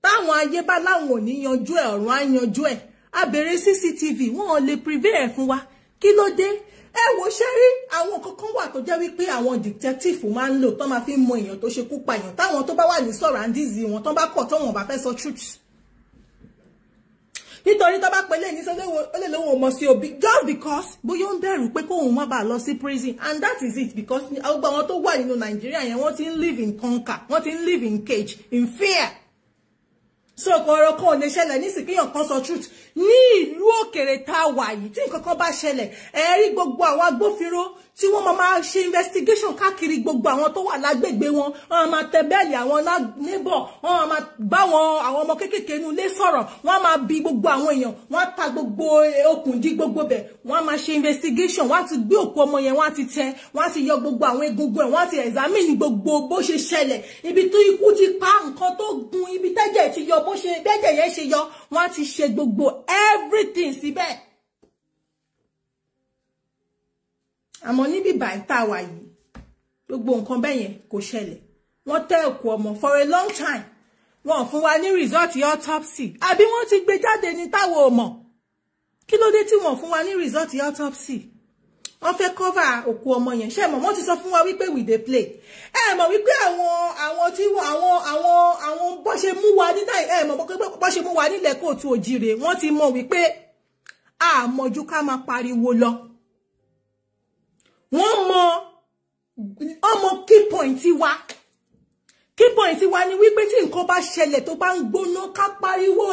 [SPEAKER 3] táwọn ayé bá láwọn ò yanjú ẹ̀ ọ̀run á yanjú ẹ̀ a bèrè CCTV wọn ò lè privé ẹ̀ fún wa kí ló dé ẹ wò ṣe rí àwọn kankan wà tó jẹ́ wípé àwọn detective máa ń lò tó máa fi mọ èèyàn tó ṣekú pa èèyàn táwọn tó bá wà ní surroundings wọn tó bá kọ̀ tó wọn bá fẹ́ sọ truth nítorí tó bá pè lé ní sọ́dọ̀ ó lè lóun ọmọ sí òbí just because bóyá ó ń bẹ̀rù pé kóun má bàa lọ sí prison and that is it because gbogbo àwọn tó wà nínú nàìjíríà yẹn wọ́n ti ń live in conquer wọ́n ti ń live in cage in fear so ọ̀rọ̀ kan ò lè ṣẹlẹ̀ nísìnyí kéèyàn kan sọ truth ní ìlú òkèrè tá a wà yìí tí kan bá ṣẹlẹ̀ ẹ rí gbogbo àwọn agbófinró tí wọ́n máa máa ṣe investigation káàkiri gbogbo àwọn tó wà lágbègbè wọn wọ́n máa tẹ bẹ́ẹ̀lì àwọn níbọ̀ wọ́n máa bá wọn àwọn ọmọ kéékèèké inú ilé sọ̀rọ̀ wọ́n máa bi gbogbo àwọn èèyàn wọ́n ta gbogbo okùn dí gbogbo bẹ̀ wọ́n máa ṣe investigation wọ́n ti gbé òkú ọmọ yẹn wọ́n ti tẹ wọ́n ti yọ gbogbo àwọn egungun ẹ̀ wọ́n ti examine gbogbo bó ṣe ṣẹlẹ̀ ibi tó ikú ti pa nǹkan tó gun ibi tẹ́jẹ̀ ti yọ bó ṣe bẹ́jẹ̀ yẹn ṣe yọ wọ́n ti ṣe gbogbo everything síbẹ̀. àmọ́ níbi báyìí tá a wà yìí gbogbo nǹkan bẹ́ẹ̀ yẹn kò ṣẹlẹ̀ wọ́n tẹ́ òkú ọmọ for a long time wọn ò fún wa ní result autopsy àbí wọ́n ti gbé jáde ní táwọn ò mọ̀ kí ló dé tí wọ́n fún wa ní result autopsy wọ́n fẹ́ cover òkú ọmọ yẹn ṣé mọ̀ wọ́n ti sọ fún wa wípé we dey play ẹ mọ̀ wípé àwọn àwọn tí àwọn àwọn àwọn bó ṣe mú wa ní náà ẹ mọ̀ bó ṣe mú wa nílẹ̀ kóòtù òjìrè wọ́n ti mọ̀ wípé àmọ̀jú ká máa pariwo lọ wọ́n mọ ọmọ key point wa key point wa ni wípé tí nǹkan bá ṣẹlẹ̀ tó bá ń gbóná ká pariwo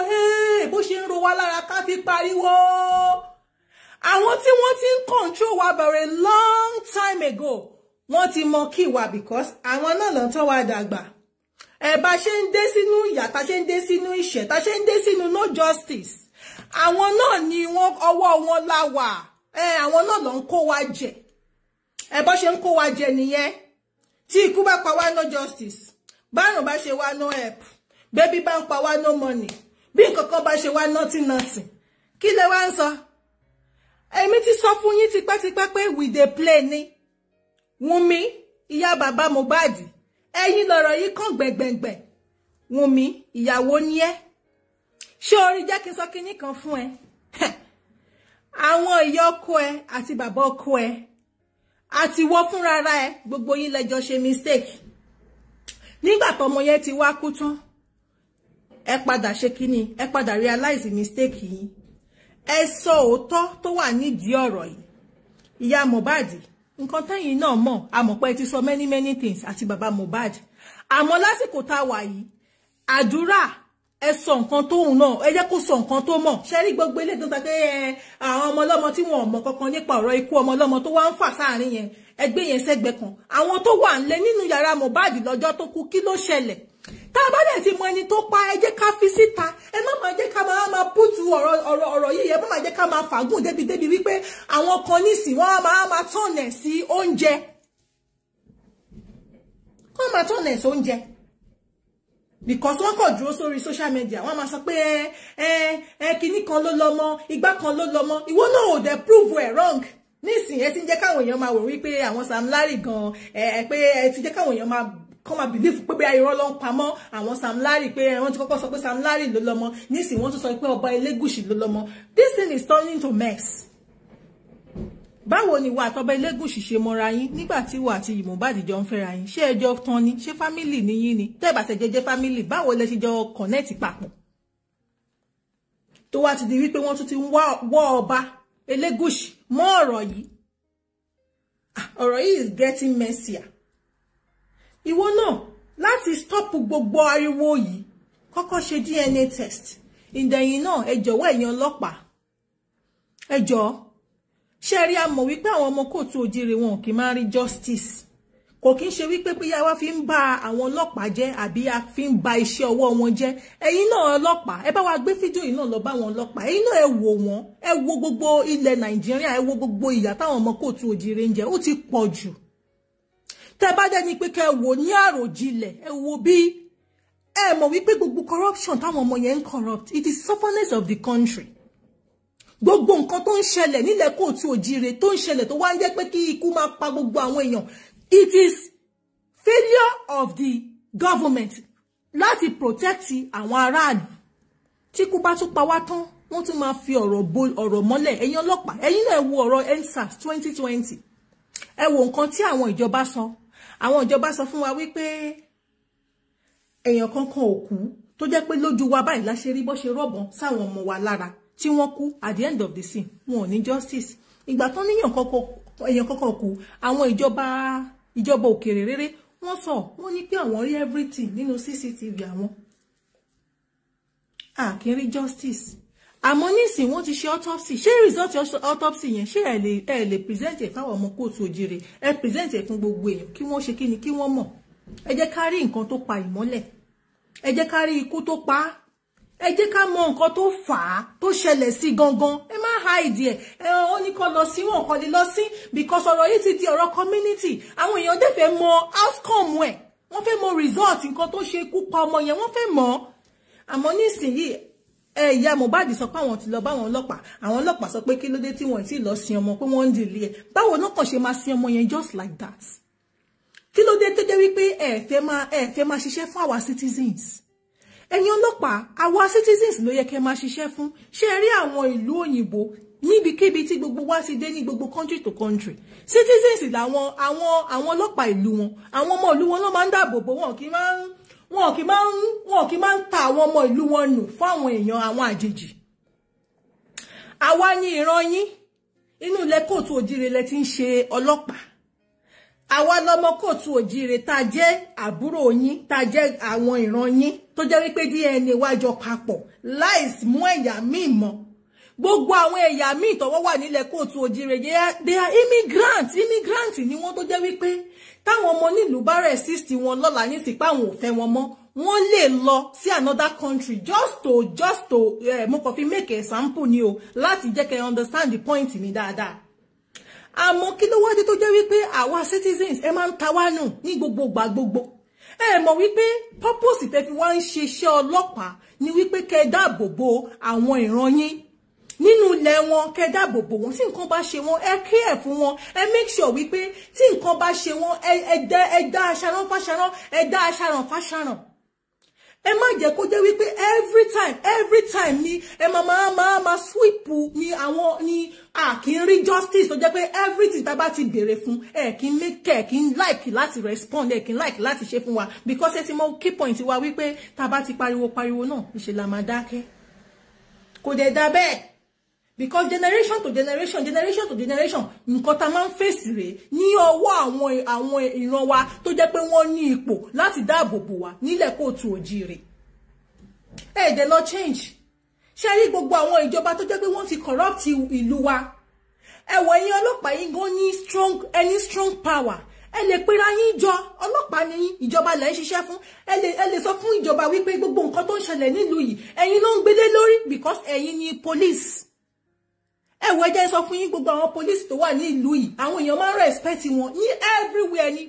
[SPEAKER 3] bó ṣe ń ro wa lára ká fi pariwo àwọn tí wọ́n ti ń control wa bẹ̀rẹ̀ long time ago wọ́n ti mọ key wa because àwọn náà ló ń tọ́ wa dàgbà ẹ bá ṣe ń dé sínú ìyà tá ṣe ń dé sínú ìṣẹ́ tá ṣe ń dé sínú no justice àwọn náà ni wọ́n ọwọ́ wọn la wà ẹ àwọn náà ló ń kó wa jẹ ẹ bọ́ ṣe ń kó wa jẹ nìyẹn tí ikú bá pa wá no justice bárùn bá ṣe wá no help bébí bá ń pa wá no money bí nǹkan kan bá ṣe wá nothing nothing kí lẹ wá ń sọ èmi ti sọ fún yín tipẹ́tipẹ́ pé we dey play ni Wùnmí ìyá bàbá Mohbad ẹ̀yin lọ̀rọ̀ yìí kàn gbẹ̀gbẹ̀gbẹ̀ Wùnmí ìyàwó ni ẹ́ ṣé orí jẹ́ kí n sọ kinní kan fún ẹ àwọn ìyá ọkọ ẹ àti bàbá ọkọ ẹ àti wọ́ fúnra ara ẹ gbogbo yín lẹ́jọ́ ṣe mistake nígbà tọmọ yẹn ti wá kú tán ẹ padà ṣe kíni ẹ padà realize mistake yìí ẹ sọ òótọ́ tó wà nídìí ọ̀rọ̀ yìí ìyá Mohbad nǹkan tẹ́yìn náà mọ̀ àmọ̀pẹ́ ti sọ many many things àti baba Mohbad àmọ́ lásìkò tá a wà yìí àdúrà ẹ sọ nǹkan tóun náà ẹ jẹ́ kó sọ nǹkan tó mọ̀ ṣe rí gbogbo ilé ìdọ́ta pé àwọn ọmọ ọlọ́mọ tí wọn ò mọ̀ kankan nípa ọ̀rọ̀ ikú ọmọ ọlọ́mọ tó wá ń fà sáàrin yẹn ẹgbẹ́ yẹn sẹ́gbẹ́ kan àwọn tó wà ńlẹ̀ nínú yàrá Mohbad lọ́jọ́ tó kú kí ló ṣẹlẹ̀ tá a bá dẹ̀ ti mọ ẹni tó pa ẹ jẹ́ ká fi síta ẹ má máa jẹ́ ká máa máa pútù ọ̀rọ̀ ọ̀rọ̀ ọ̀rọ̀ yìí ẹ má máa jẹ́ ká máa fàágùn débi débi wípé àwọn kan nísìn wọ́n á máa máa tọ̀nà sí oúnjẹ wọ́n máa tọ̀nà sí oúnjẹ because wọ́n kàn dúró sórí social media wọ́n máa sọ pé ẹ eh, ẹ eh, eh, kinní kan ló lọ́mọ igbá kan ló lọ́mọ ìwọ náà ò dẹ̀ prove ẹ̀ wrong nísìnyí ẹ ti ń jẹ́ káwọn èèyàn máa wò wípé àwọn Sam Larry gan ẹ pé ẹ ti jẹ́ káwọn èèyàn máa kọ́ máa believe, pé bóyá irọ́ ló ń pamọ́ àwọn Sam Larry pé wọ́n ti kọ́kọ́ sọ pé Sam Larry ló lọ́mọ nísìnyí wọ́n tún sọ pé ọba Elégùṣì ló lọ́mọ this thing is turning to mess báwo ni ìwà àtọba Elégùṣì ṣe mọra yín nígbà tí ìwà àti Mohbad jọ ń fẹ́ra yín ṣé ẹjọ́ tán ni ṣé fámìlì ni yín ni tẹ́bàtẹ̀ jẹjẹ fámìlì báwo lẹ ṣe jọ kọ̀nẹ́ẹ̀tì papọ̀ tó wá ti di wípé wọ́n tún ti ń wọ́ ọba Elégùṣì mọ́ ọ̀rọ̀ yìí ah, ọ̀rọ̀ yìí is getting messier ìwọ náà láti stop gbogbo ariwo yìí kọ́kọ́ ṣe DNA test ìdẹ̀yìn náà ẹ jọ̀wọ́ ẹ̀yin ọlọ́pàá ẹ jọ̀ọ́ ṣe rí àmọ̀ wípé àwọn ọmọ kóòtù òjìrè wọn kì í máa rí justice kò kí n ṣe wípé bóyá wá fi ń ba àwọn ọlọ́pàá jẹ́ àbí a fi ń ba iṣẹ́ ọwọ́ wọn jẹ́ ẹ̀yin náà ọlọ́pàá ẹ bá wa gbé fídíò yìí náà lọ bá àwọn ọlọ́pàá ẹ̀yin náà ẹ wò wọ́n ẹ wo gbogbo ilẹ̀ nàìjíríà ẹ wo gbogbo ìyà táwọn ọmọ kóòtù òjìrè ń jẹ ó ti pọ̀ jù tẹ bá dẹni pé kẹ wò ní àròjinlẹ̀ ẹ wo bí ẹ mọ̀ wípé gbogbo corruption táwọn ọmọ yẹn ń corrupt it is stubbornness of the country gbogbo nǹkan tó ń ṣẹlẹ̀ nílẹ̀ kóòtù òjire tó ń to tó wá ń jẹ́ pé kí ikú pa gbogbo àwọn èèyàn it is failure of the government láti protect àwọn aráàlú tí ikú bá tún pa wá tán wọ́n tún máa fi ọ̀rọ̀ bo ọ̀rọ̀ mọ́lẹ̀ ẹ̀yin ọlọ́pàá ẹ̀yin náà wo ọ̀rọ̀ endsars twenty twenty ẹ wo nǹkan tí àwọn ìjọba sọ àwọn ìjọba sọ fún wa wípé èèyàn kankan ò kú tó jẹ́ pé lójú wa báyìí láṣẹ rí bó ṣe rọ̀bọ̀n sáwọn ọmọ wa lára tí wọ́n kú at the end of the scene wọn ò ní justice ìgbà tán níyàn kọ́kọ́ èèyàn kọ́kọ́ kú àwọn ìjọba ìjọba òkèèrè rere wọ́n sọ wọ́n ní pé àwọn rí everything nínú cctv àwọn a kì í rí justice àmọ́ nísìn wọ́n ti ṣe autopsy ṣé result autopsy yẹn ṣé ẹ lè ẹ lè present ẹ fáwọn ọmọ kóòtù òjèrè ẹ present ẹ fún gbogbo èèyàn kí wọ́n ṣe kí ni kí wọ́n mọ̀ ẹ jẹ́ ká rí nǹkan tó pa ìmọ́lẹ̀ ẹ jẹ́ ká rí ikú tó pa á ẹ jẹ́ ká mọ nǹkan tó fà á tó ṣẹlẹ̀ sí gangan ẹ má hide ẹ̀ ẹ ó ní lọ sí wọn kó lè lọ sí because ọ̀rọ̀ yìí ti di ọ̀rọ̀ community àwọn èèyàn dẹ̀ fẹ́ mọ outcome ẹ̀ wọ́n fẹ́ mọ result nǹkan tó ṣe ikú pa ọmọ yẹn wọ́n fẹ́ mọ̀ àmọ́ nísìnyí ẹ ìyá Mohbad sọ pé àwọn ti lọ báwọn ọlọ́pàá àwọn ọlọ́pàá sọ pé kí ló dé tí wọ́n ti lọ sin ọmọ pé wọ́n ń dìlé ẹ̀ báwo náà kàn ṣe máa sin ọmọ yẹn just like that kí ló dé tó jẹ́ wípé ẹ fẹ́ máa ẹ fẹ́ máa ṣiṣẹ́ fún our citizens ẹ̀yin ọlọ́pàá àwa citizens ló yẹ kẹ́ máa ṣiṣẹ́ fún ṣé ẹ rí àwọn ìlú òyìnbó níbikíbi tí gbogbo wa ti dé ní gbogbo country to country citizens làwọn àwọn àwọn ọlọ́pàá ìlú wọn àwọn ọmọ ìlú wọn ló máa ń dáàbò bò wọn kì í máa ń wọn kì í máa ń wọn kì í máa ń ta àwọn ọmọ ìlú wọn nù fún àwọn èèyàn àwọn àjèjì àwa ni ìran yín inú ilẹ̀ kóòtù òjire lẹ ti ń ṣe ọlọ́pàá àwa lọmọ kóòtù òjire tá jẹ́ àbúrò yín tá jẹ́ àwọn ìran yín tó jẹ́ wípé DNA wá jọ papọ̀ láìsí mú ẹ̀yà míì mọ́ gbogbo àwọn ẹ̀yà míì tọ́wọ́ wà nílẹ̀ kóòtù òjìrè they are immigrant immigrant ni wọ́n tó jẹ́ wípé táwọn ọmọ nílùú assist. resist wọn lọ́la ní sípà àwọn ò fẹ́ wọn mọ́ wọ́n lè lọ sí another country just to just to eh, mo kàn fi make example ni o láti jẹ́ kẹ́ understand the point mi dáadáa àmọ́ kí ló wá dé tó jẹ́ wípé àwa citizens ẹ máa ń tawá nù ní gbogbo gbà gbogbo ẹ mọ̀ wípé purpose tẹ́ fi wá ń ṣiṣẹ́ ọlọ́pàá ni wípé kẹ́ dáàbò bo àwọn ìran yín nínú ilẹ̀ wọn kẹ́ dáàbò bò wọ́n tí nǹkan bá ṣe wọ́n ẹ care fún wọn ẹ make sure wípé tí nǹkan bá ṣe wọ́n ẹ dá aṣaran fáṣaran ẹ dá aṣaran fáṣaran ẹ má jẹ́ kó jẹ́ wípé every time every time ni ẹ máa máa máa máa sweep ni àwọn ni a kì í rí justice tó jẹ́ pé everything tá a bá ti béèrè fún ẹ kì í make ẹ kì í like láti respond ẹ kì í like láti ṣe fún wa because ẹ ti mọ key point wa wípé tá a bá ti pariwo pariwo náà ìṣèlú àmàdákẹ́ kò dẹ̀ dá bẹ́ẹ̀ because generation to generation generation to generation nǹkan tá máa ń fèsì rèé ní ọwọ́ àwọn àwọn ìran wa tó jẹ́ pé wọ́n ní ipò láti dáàbò bò wá nílẹ̀ kóòtù òjìrè ẹ̀ẹ́dẹ̀ lọ change ṣe rí gbogbo àwọn ijoba tó jẹ́ pé wọ́n ti corrupt ìlú wa ẹ̀wọ̀ ẹ̀yin ọlọ́pàá yín gan ní strong any strong power ẹ lè pera yín jọ ọlọ́pàá ní ijoba lẹ́ ń ṣiṣẹ́ fún le lè le lè sọ fún ìjọba wípé gbogbo nǹkan tó ń ṣẹlẹ̀ nílùú yìí ẹ̀yin ló ń gbélé lórí because ẹ̀yin ni police ẹ wọ ẹjẹ sọ fún yín gbogbo àwọn polisi tó wà ní ìlú yìí àwọn èèyàn máa ń respect wọn ní everywhere ni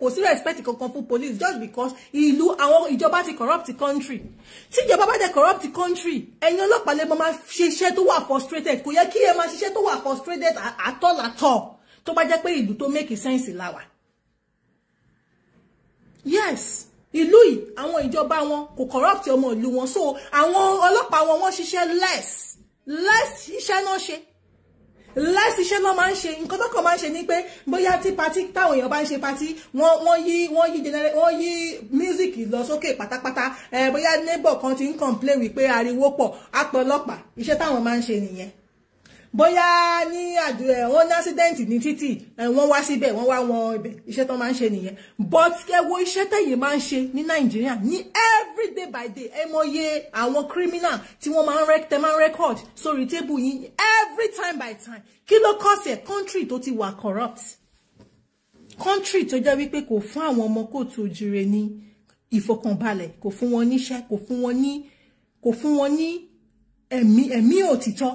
[SPEAKER 3] kò sí respect kankan fún police just because ìlú àwọn ìjọba ti corrupt the country tí ìjọba bá dẹ corrupt country ẹ̀yin ọlọ́pàá lè máa ṣiṣẹ́ tó wà frustrated kò yẹ kí ẹ máa ṣiṣẹ́ tó wà frustrated àtọlàtọ tó bá jẹ́ pé ìlú tó make sense láwà yes ìlú yìí àwọn ìjọba wọn kò corrupt ọmọ ìlú wọn so àwọn ọlọ́pàá wọn wọ́n ṣiṣẹ́ less less iṣẹ́ náà ṣe less iṣẹ́ náà máa ń ṣe nǹkan tó kàn máa ń ṣe ni pé bóyá tí patí táwọn èèyàn bá ń ṣe patí wọ́n wọ́n yí wọ́n yí generate wọ́n yí music lọ sókè pátápátá eh, bóyá neighbor kan ti ń complain wípé ariwo pọ̀ apọ̀ ọlọ́pàá iṣẹ́ táwọn máa ń ṣe nìyẹn bóyá ní àjò ẹ̀ eh, wọ́n ní accident ní títì eh, wọ́n wá síbẹ̀ wọ́n wá wọn ibẹ̀ iṣẹ́ tó máa ń ṣe nìyẹn but ẹ wo iṣẹ́ tẹ̀yẹ máa ń ṣe ní nàìjíríà ní every day by day ẹ mọye àwọn criminal tí wọ́n máa ń rẹ́ tẹ máa ń record sórí tébù yín every time by time kí ló cause ẹ̀ country tó ti wà corrupt country tó jẹ́ wípé kò fún àwọn ọmọ kóòtù òjìrè ní ìfọkànbalẹ̀ kò fún wọn níṣẹ́ kò fún wọn ní kò fún wọn ní ẹ̀mí ẹ̀mí òtítọ́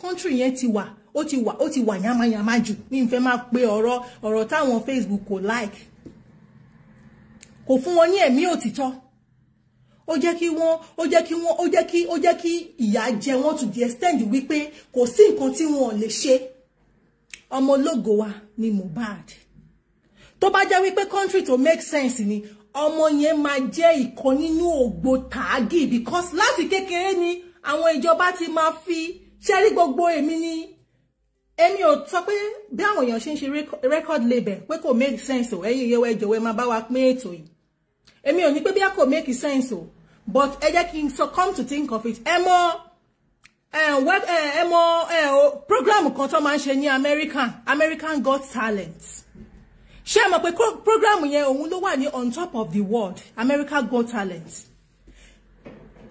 [SPEAKER 3] country yẹn ti wà ó ti wà ó ti wà yamayama jù ní ìfẹ́ máa pe ọ̀rọ̀ ọ̀rọ̀ táwọn Facebook kò like kò fún wọn ní ẹ̀mí òtítọ́ ó jẹ́ kí wọ́n ó jẹ́ kí wọ́n ó jẹ́ kí ó jẹ́ kí ìyà jẹ wọ́n to the extent wípé kò sí nǹkan tí wọn lè ṣe ọmọ ológo wa ni Mohbad tó bá jẹ́ wípé country to make sense ni ọmọ yẹn máa jẹ́ ìkan nínú ògbó tàágì because láti kékeré ni àwọn ìjọba ti máa fi ṣe rí gbogbo èmi ni èmi ò sọ pé bí àwọn èèyàn ṣe ń ṣe record label pé kò make sense o ẹ̀yin ìyẹwò ẹjọ ẹ máa bá wa pín ètò yìí èmi ò ní pé bí a kò make sense o but ẹ jẹ́ kí n sọ come to think of it ẹ mọ ẹ mọ program kan tó máa ń ṣe ní America, American Got Talent ṣé ẹ mọ̀ pé program yẹn òun ló wà ní on top of the world America Got Talent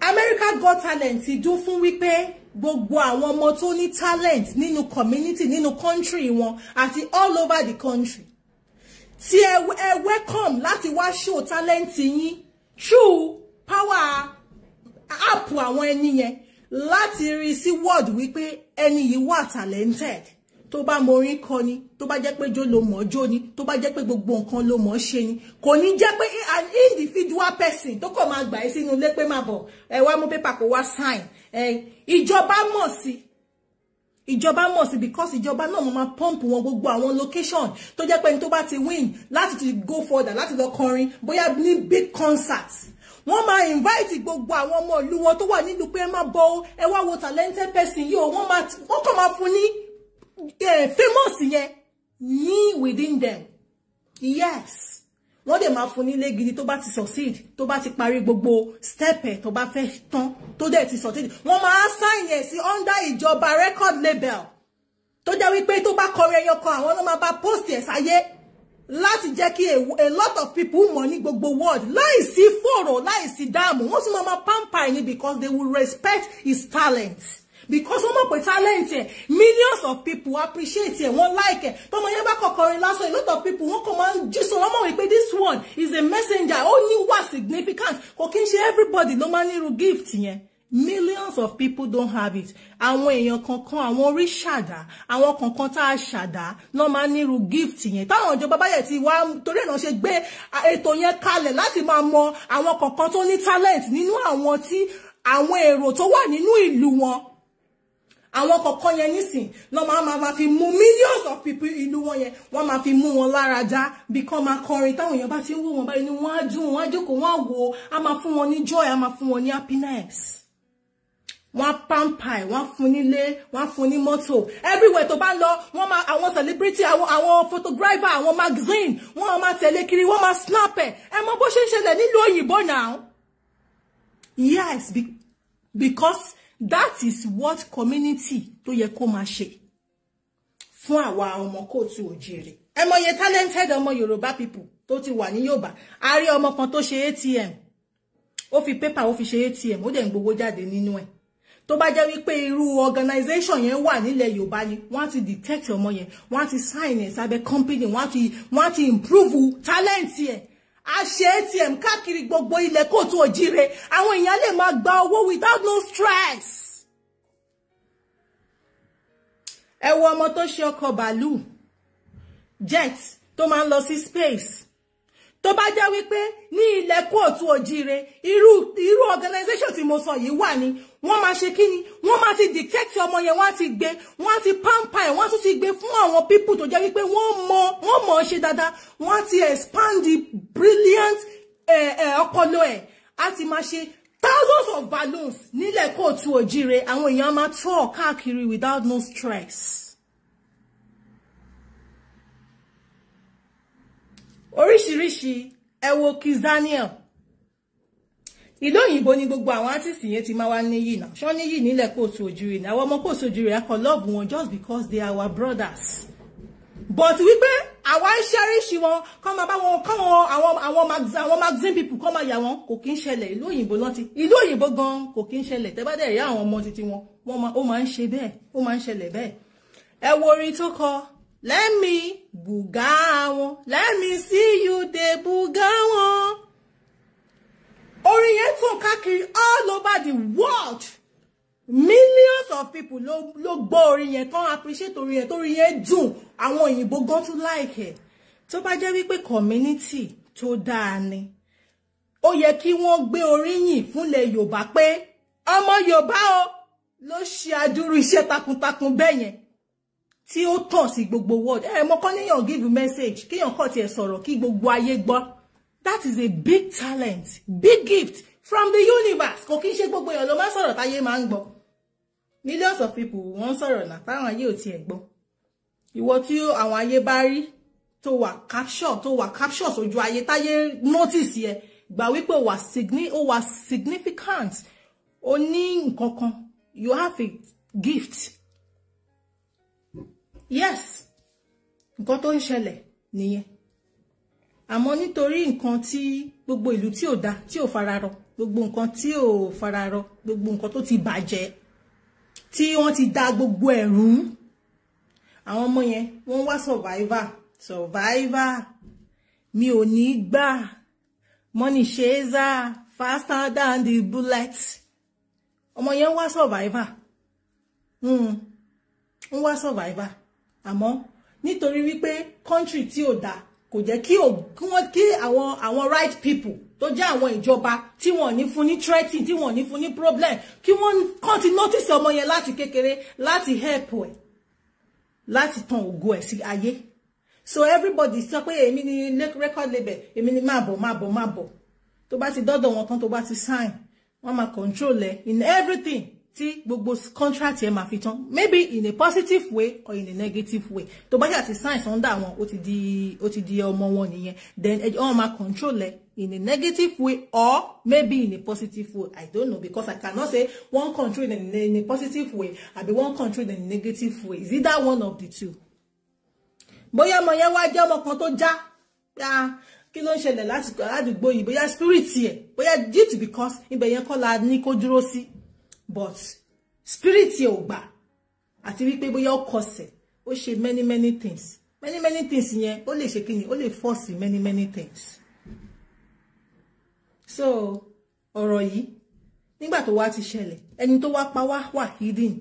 [SPEAKER 3] America Got Talent ti dún fún wípé gbogbo àwọn ọmọ tó ní talent nínú community nínú country wọn àti all over the country tí ẹ ẹ welcome láti wá show talent yín True power app àwọn ẹni yẹn láti rí sí word wípé ẹni yìí wà talented tó bá mọ orin kọ ni tó bá jẹ́ pé jó ló mọ̀ jó ni tó bá jẹ́ pé gbogbo nǹkan ló mọ̀ ṣe ni kò ní jẹ́ pé an individual person tó kọ̀ máa gbà ẹ́ sínú ilé pé máa bọ̀ ẹ wá mú pépà kó wá sign ẹ ìjọba mọ̀ sí ìjọba mọ̀ sí because ìjọba náà mo máa pump wọn gbogbo àwọn location tó jẹ́ pé ní tó bá ti win láti ti go further láti lọ kọrin bóyá ní big concert wọ́n máa invite gbogbo àwọn ọmọ ìlú wọn tó wà nílùú pé ẹ má bọ́ ẹ wá wo talented person yìí o wọ́n kàn máa fún ní Eh, famous yẹn ní within them yes wọ́n dẹ̀ máa fún nílé gidi tó bá ti succeed tó bá ti parí gbogbo step ẹ̀ tó bá fẹ́ tán tó dẹ̀ ti succeed wọ́n máa sign ẹ̀ sí under ìjọba record label tó jẹ́ wípé tó bá kọrin ẹyọ kan àwọn ló máa bá post ẹ̀ sáyé láti jẹ́ kí a lot of people mọ̀ ní gbogbo world láìsí fòrò láìsí dáàmú wọ́n sì máa máa pamper ni because they will respect his talent because wọ́n mọ̀ pé talent ẹ̀ millions of people appreciate ẹ̀ wọ́n like ẹ̀ tọmọ yẹn bá kọkọrin lásán a lot of people wọ́n kàn máa ń jí sọ wọ́n mọ̀ wípé this one is a messenger ó ní wà significant kò kí n ṣe everybody ló máa ń nírú gift yẹn millions of people don't have it àwọn èèyàn kankan àwọn orí ṣàdá àwọn kankan tá a ṣàdá ló máa nírú gift yẹn táwọn ìjọba báyẹ̀ ti wá torí ẹ̀nà ṣe gbé ètò yẹn kalẹ̀ láti máa mọ àwọn kankan tó ní talent nínú àwọn tí àwọn èrò tó wà nínú ìlú wọn àwọn kọ̀ọ̀kan yẹn nísìn lọ́ máa máa fi mú millions of people ìlú wọn yẹn wọ́n máa fi mú wọn lára já bí kán máa kọrin táwọn èèyàn bá ti ń wò wọ́n báyìí ni wọ́n á dùn wọ́n á jókòó wọ́n á wò ó á máa fún wọn ní joy á máa fún wọn ní happiness wọ́n á pampa ẹ̀ wọ́n á fún nílé wọ́n á fún ní mọ́tò everywhere tó bá lọ wọ́n máa àwọn celebrity àwọn àwọn photographer àwọn magazine wọ́n máa tẹ̀lé kiri wọ́n máa snap ẹ̀ ẹ mọ bó ṣe ń ṣẹlẹ̀ nílùú òyìnbó now yes because that is what community tó yẹ kó máa ṣe fún àwa ọmọ kóòtù òjèrè ẹ mọye talented ọmọ yorùbá people tó ti wà ní yorùbá a rí kan tó ṣe atm ó fi pépà ó fi ṣe atm ó dẹ̀ ń gbowó jáde nínú ẹ̀ tó bá jẹ́ wípé irú organization yẹn ni le yorùbá ni wọ́n ti detect ọmọ yẹn wọ́n ti sign ẹ̀ sábẹ́ company wọ́n ti wọ́n ti improve talent yẹn a ṣe atm káàkiri gbogbo ilẹ̀ kóòtù òjire àwọn èèyàn lè máa gba owó without no stress. ẹ wo ọmọ tó ṣe ọkọ̀ bàálù jet tó máa ń lọ sí space tó bá jẹ́ wípé ní ilẹ̀ kóòtù òjire irú irú organization tí mo sọ yìí wà ní wọ́n máa ṣe kí ni wọ́n máa ti dìtẹ́tì ọmọ yẹn wọ́n á ti gbé wọ́n á ti pampa ẹ̀ wọ́n á tún ti gbé fún àwọn pípù tó jẹ́ wípé wọ́n mọ̀ wọ́n mọ̀ ọ́ ṣe dáadáa wọ́n á ti expand the brilliant ọpọlọ ẹ̀ á ti máa ṣe thousands of balloons nílẹ̀ kóòtù òjire àwọn èèyàn máa tọ́ ọ̀ káàkiri without no stress. oríṣiríṣi ẹ wo Kiss Daniel ìlú òyìnbó ni gbogbo àwọn artist yẹn ti máa wá níyì náà ṣọ́ níyì nílẹ̀ kóòtù òjúre náà àwọn ọmọ kóòtù òjúre akọ love wọn just because they are our brothers but wípé àwa ń ṣẹ́ríṣì wọn kọ́ máa bá wọn kọ́ wọn àwọn àwọn magazine people kọ́ máa yà wọn kò kí ń ṣẹlẹ̀ ìlú òyìnbó náà ti ìlú òyìnbó gan kò kí ń ṣẹlẹ̀ tẹ́ bá dẹ̀ yá àwọn ọmọ títí wọn wọ́n ó máa ń ṣe bẹ́ẹ̀ ó máa ń ṣẹlẹ̀ bẹ́ẹ̀ ẹ wo orin tó kọ let me bùgá wọn let me see you the world millions of people ló ló gbọ́ orin yẹn kàn appreciate orin yẹn torí yẹn dùn àwọn òyìnbó gan tún like ẹ̀ tó bá jẹ́ wípé community tó dáa ni ó yẹ kí wọ́n gbé oríyìn fúnlẹ̀ Yorùbá pé ọmọ Yorùbá o ló ṣe adúrú iṣẹ́ takuntakun bẹ́ẹ̀ yẹn tí ó tàn sí gbogbo world ẹ mọ kàn níyàn give you message kíyàn kàn tiẹ̀ sọ̀rọ̀ kí gbogbo ayé gbọ́ that is a big talent big gift from the universe kò kí n ṣe gbogbo èèyàn ló máa ń sọ̀rọ̀ táyé máa ń gbọ́ millions of people wọ́n ń sọ̀rọ̀ náà táwọn ayé ò tiẹ̀ gbọ́ ìwọ tí àwọn ayé bá rí tó wà capture tó wà capture sójú ayé táyé notice yẹ gbà wípé ó wà significant ó ní nǹkan kan you have a gift yes nǹkan tó ń ṣẹlẹ̀ nìyẹn àmọ́ nítorí nǹkan tí gbogbo ìlú tí ò dá tí ò fararọ gbogbo nǹkan tí ò fararọ gbogbo nǹkan tó ti bàjẹ́ tí wọ́n ti da gbogbo ẹ̀rú àwọn ọmọ yẹn wọ́n wá survivor survivor mi ò ní gbà money chaser faster than the bullet ọmọ yẹn wá survivor Hmm, ń wá survivor àmọ́ nítorí wípé country tí ò dáa kò jẹ́ kí àwọn àwọn right people tó jẹ́ àwọn ìjọba tí wọ́n ní fún ní threatening tí wọ́n ní fún ní problem kí wọ́n kàn ti notice ọmọ yẹn láti kékeré láti help ẹ̀ láti tan ògo ẹ̀ sí ayé so everybody sọ pé èmi ni record label èmi ni máa bọ̀ máa bọ̀ máa bọ̀ tó bá ti dọ́dọ̀ wọn tán tó bá ti sign wọ́n máa control ẹ̀ in everything tí gbogbo contract yẹn máa fi tán maybe in a positive way or in a negative way tó bá yà ti sign sọ́ndà wọn ó ti di ọmọ wọn nìyẹn then wọ́n máa control ẹ̀ in a negative way or maybe in a positive way i don't know because i cannot say one country in a, in a positive way i be one country in a negative way is either one of the two bóyá ọmọ yẹn wá jẹ́ ọmọ kan tó já kí ló ń ṣẹlẹ̀ ládùúgbò yìí bóyá spirit ẹ̀ bóyá due because ibẹ̀ yẹn kọ́ la ní kó dúró sí but spirit ẹ̀ ò gbà àti wípé bóyá ó kọsẹ̀ ó ṣe many many things many many things yẹn ó lè ṣe kí ni ó lè force many many things so ọ̀rọ̀ yìí nígbà tó wá ti ṣẹlẹ̀ ẹni tó wá pa wá wà hidden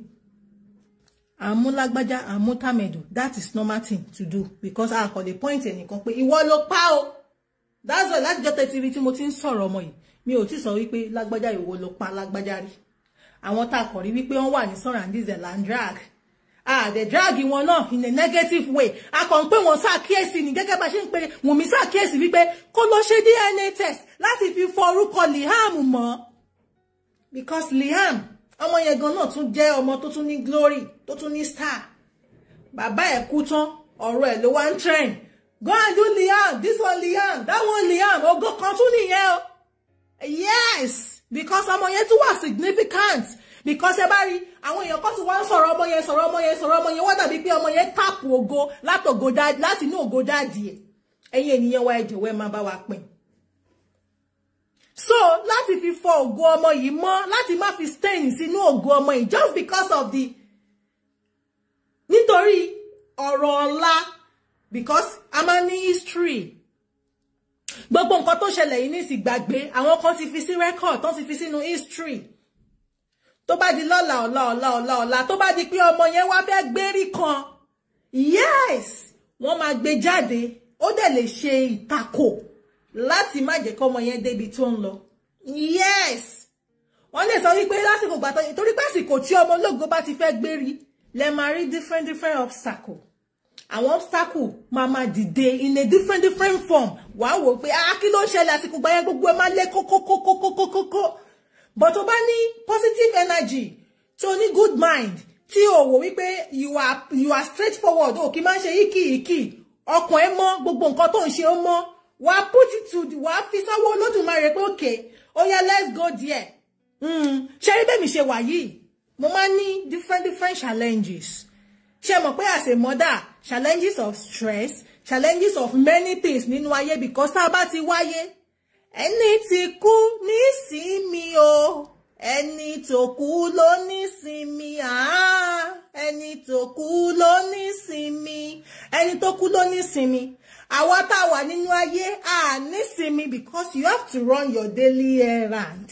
[SPEAKER 3] àmúlágbájá àmútàmẹ̀dù that is normal thing to do because a kò lè point ẹnìkan pé ìwọ ló pa o that's why láti jọ́tẹ̀ tv tí mo ti ń sọ̀rọ̀ ọmọ yìí mi ò tí sọ wípé lágbájá ìwọ ló pa lágbájá rí àwọn tá a kọ̀ rí wípé wọ́n wà ní sọ̀rọ̀ and this is a land drag Ah, àdè dragi wọn náà in a negative way a kàn ń pè wọ́n ṣàkíyèsí ni gẹ́gẹ́ bá ṣe ń pe Wùnmí ṣàkíyèsí wípé kó lọ ṣe DNA test láti fi fọ orúkọ Liam mọ́ because Liam ọmọ yẹn gan náà tún jẹ́ ọmọ tó tún ní glory tó tún ní star bàbá ẹ̀ kú tán ọ̀rọ̀ ẹ̀ ló wá ń trend go and do Liam this one Liam that one Liam ògo kan tún nìyẹn o yes because ọmọ yẹn tún wà significant because ẹ bá rí àwọn èèyàn kan tí wọ́n ń sọ̀rọ̀ ọmọ yẹn sọ̀rọ̀ ọmọ yẹn sọ̀rọ̀ ọmọ yẹn wọ́n dàbí pé ọmọ yẹn tàpù ògo láti inú ògo dáàdì ẹ̀ ẹ̀yin ènìyàn wa ẹ jọ̀wọ́ ẹ máa bá wa pín so láti fi fọ ògo ọmọ yìí mọ́ láti má fi stain sínú ògo ọmọ yìí just because of the nítorí ọ̀rọ̀ ọ̀la because a máa ní history gbogbo nǹkan tó ṣẹlẹ̀ yìí ní ìsìgbàgbé àwọn kan ti fi sí record tó ti fi sínú history tó bá di lọ́la ọ̀la ọ̀la ọ̀la ọ̀la tó bá di pé ọmọ yẹn wá fẹ́ gbérí kan yes wọ́n máa gbé jáde ó dẹ̀ lè ṣe ìtakò láti má jẹ́ kọ́mọ yẹn débi tó ń lọ yes wọ́n lè sọ wípé lásìkò gbàtọ́ torí pé àsìkò tí ọmọ ológo bá ti fẹ́ gbérí lẹ máa rí different different obstacle àwọn obstacle máa máa dìde in a different different form wàá wò pé ah kí ló ń ṣẹlẹ̀ àsìkò gbà yẹn gbogbo ẹ máa lé kókókókókókókó but tó bá ní positive energy tó ní good mind Ti o wo wípé you are you are straightforward o kì í máa iki. ṣe yíkì yíkì ọkàn ẹ mọ́ gbogbo nǹkan tó ń ṣe ó mọ́ wà á put it to wà á fi sáwọ olódùmarè pé okay ó yá let's go there hmm, ṣe rí bẹ́ẹ̀ mi ṣe wà yìí mo máa ń different different challenges ṣe mọ̀ pé as a mother challenges of stress challenges of many things nínú ayé because tá a ti wáyé ẹni tí kú nísinmi o ẹni tó kú ló nísinmi àá ẹni tó kú ló nísinmi ẹni tó kú ló nísinmi àwa tá a wà nínú ayé a nísinmi because you have to run your daily errand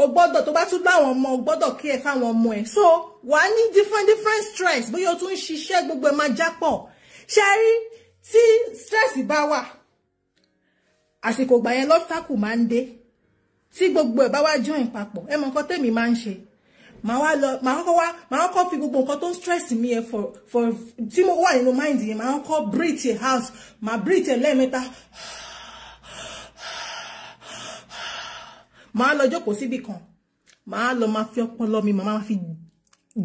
[SPEAKER 3] o gbọ́dọ̀ tó bá tún bá àwọn ọmọ o gbọ́dọ̀ kí ẹ fáwọn ọmọ ẹ so wàá ní different different stress bóyá o tún ń ṣiṣẹ́ gbogbo ẹ máa jápọ̀ ṣe rí tí stress bá wà àsìkò ìgbà yẹn lọ́fítákù máa ń dé tí gbogbo ẹ̀ bá wá join papọ̀ ẹ mọ nǹkan tèmi máa ń ṣe màá kọ́ fi gbogbo nǹkan tó ń stress mi yẹn for for tí mo wà nínú mind yẹn màá kọ́ breathe yẹn out màá breathe yẹn lẹ́ẹ̀mẹ́ta màá lọ jókòó síbì kan màá lọ máa fi ọpọlọ mi màá máa fi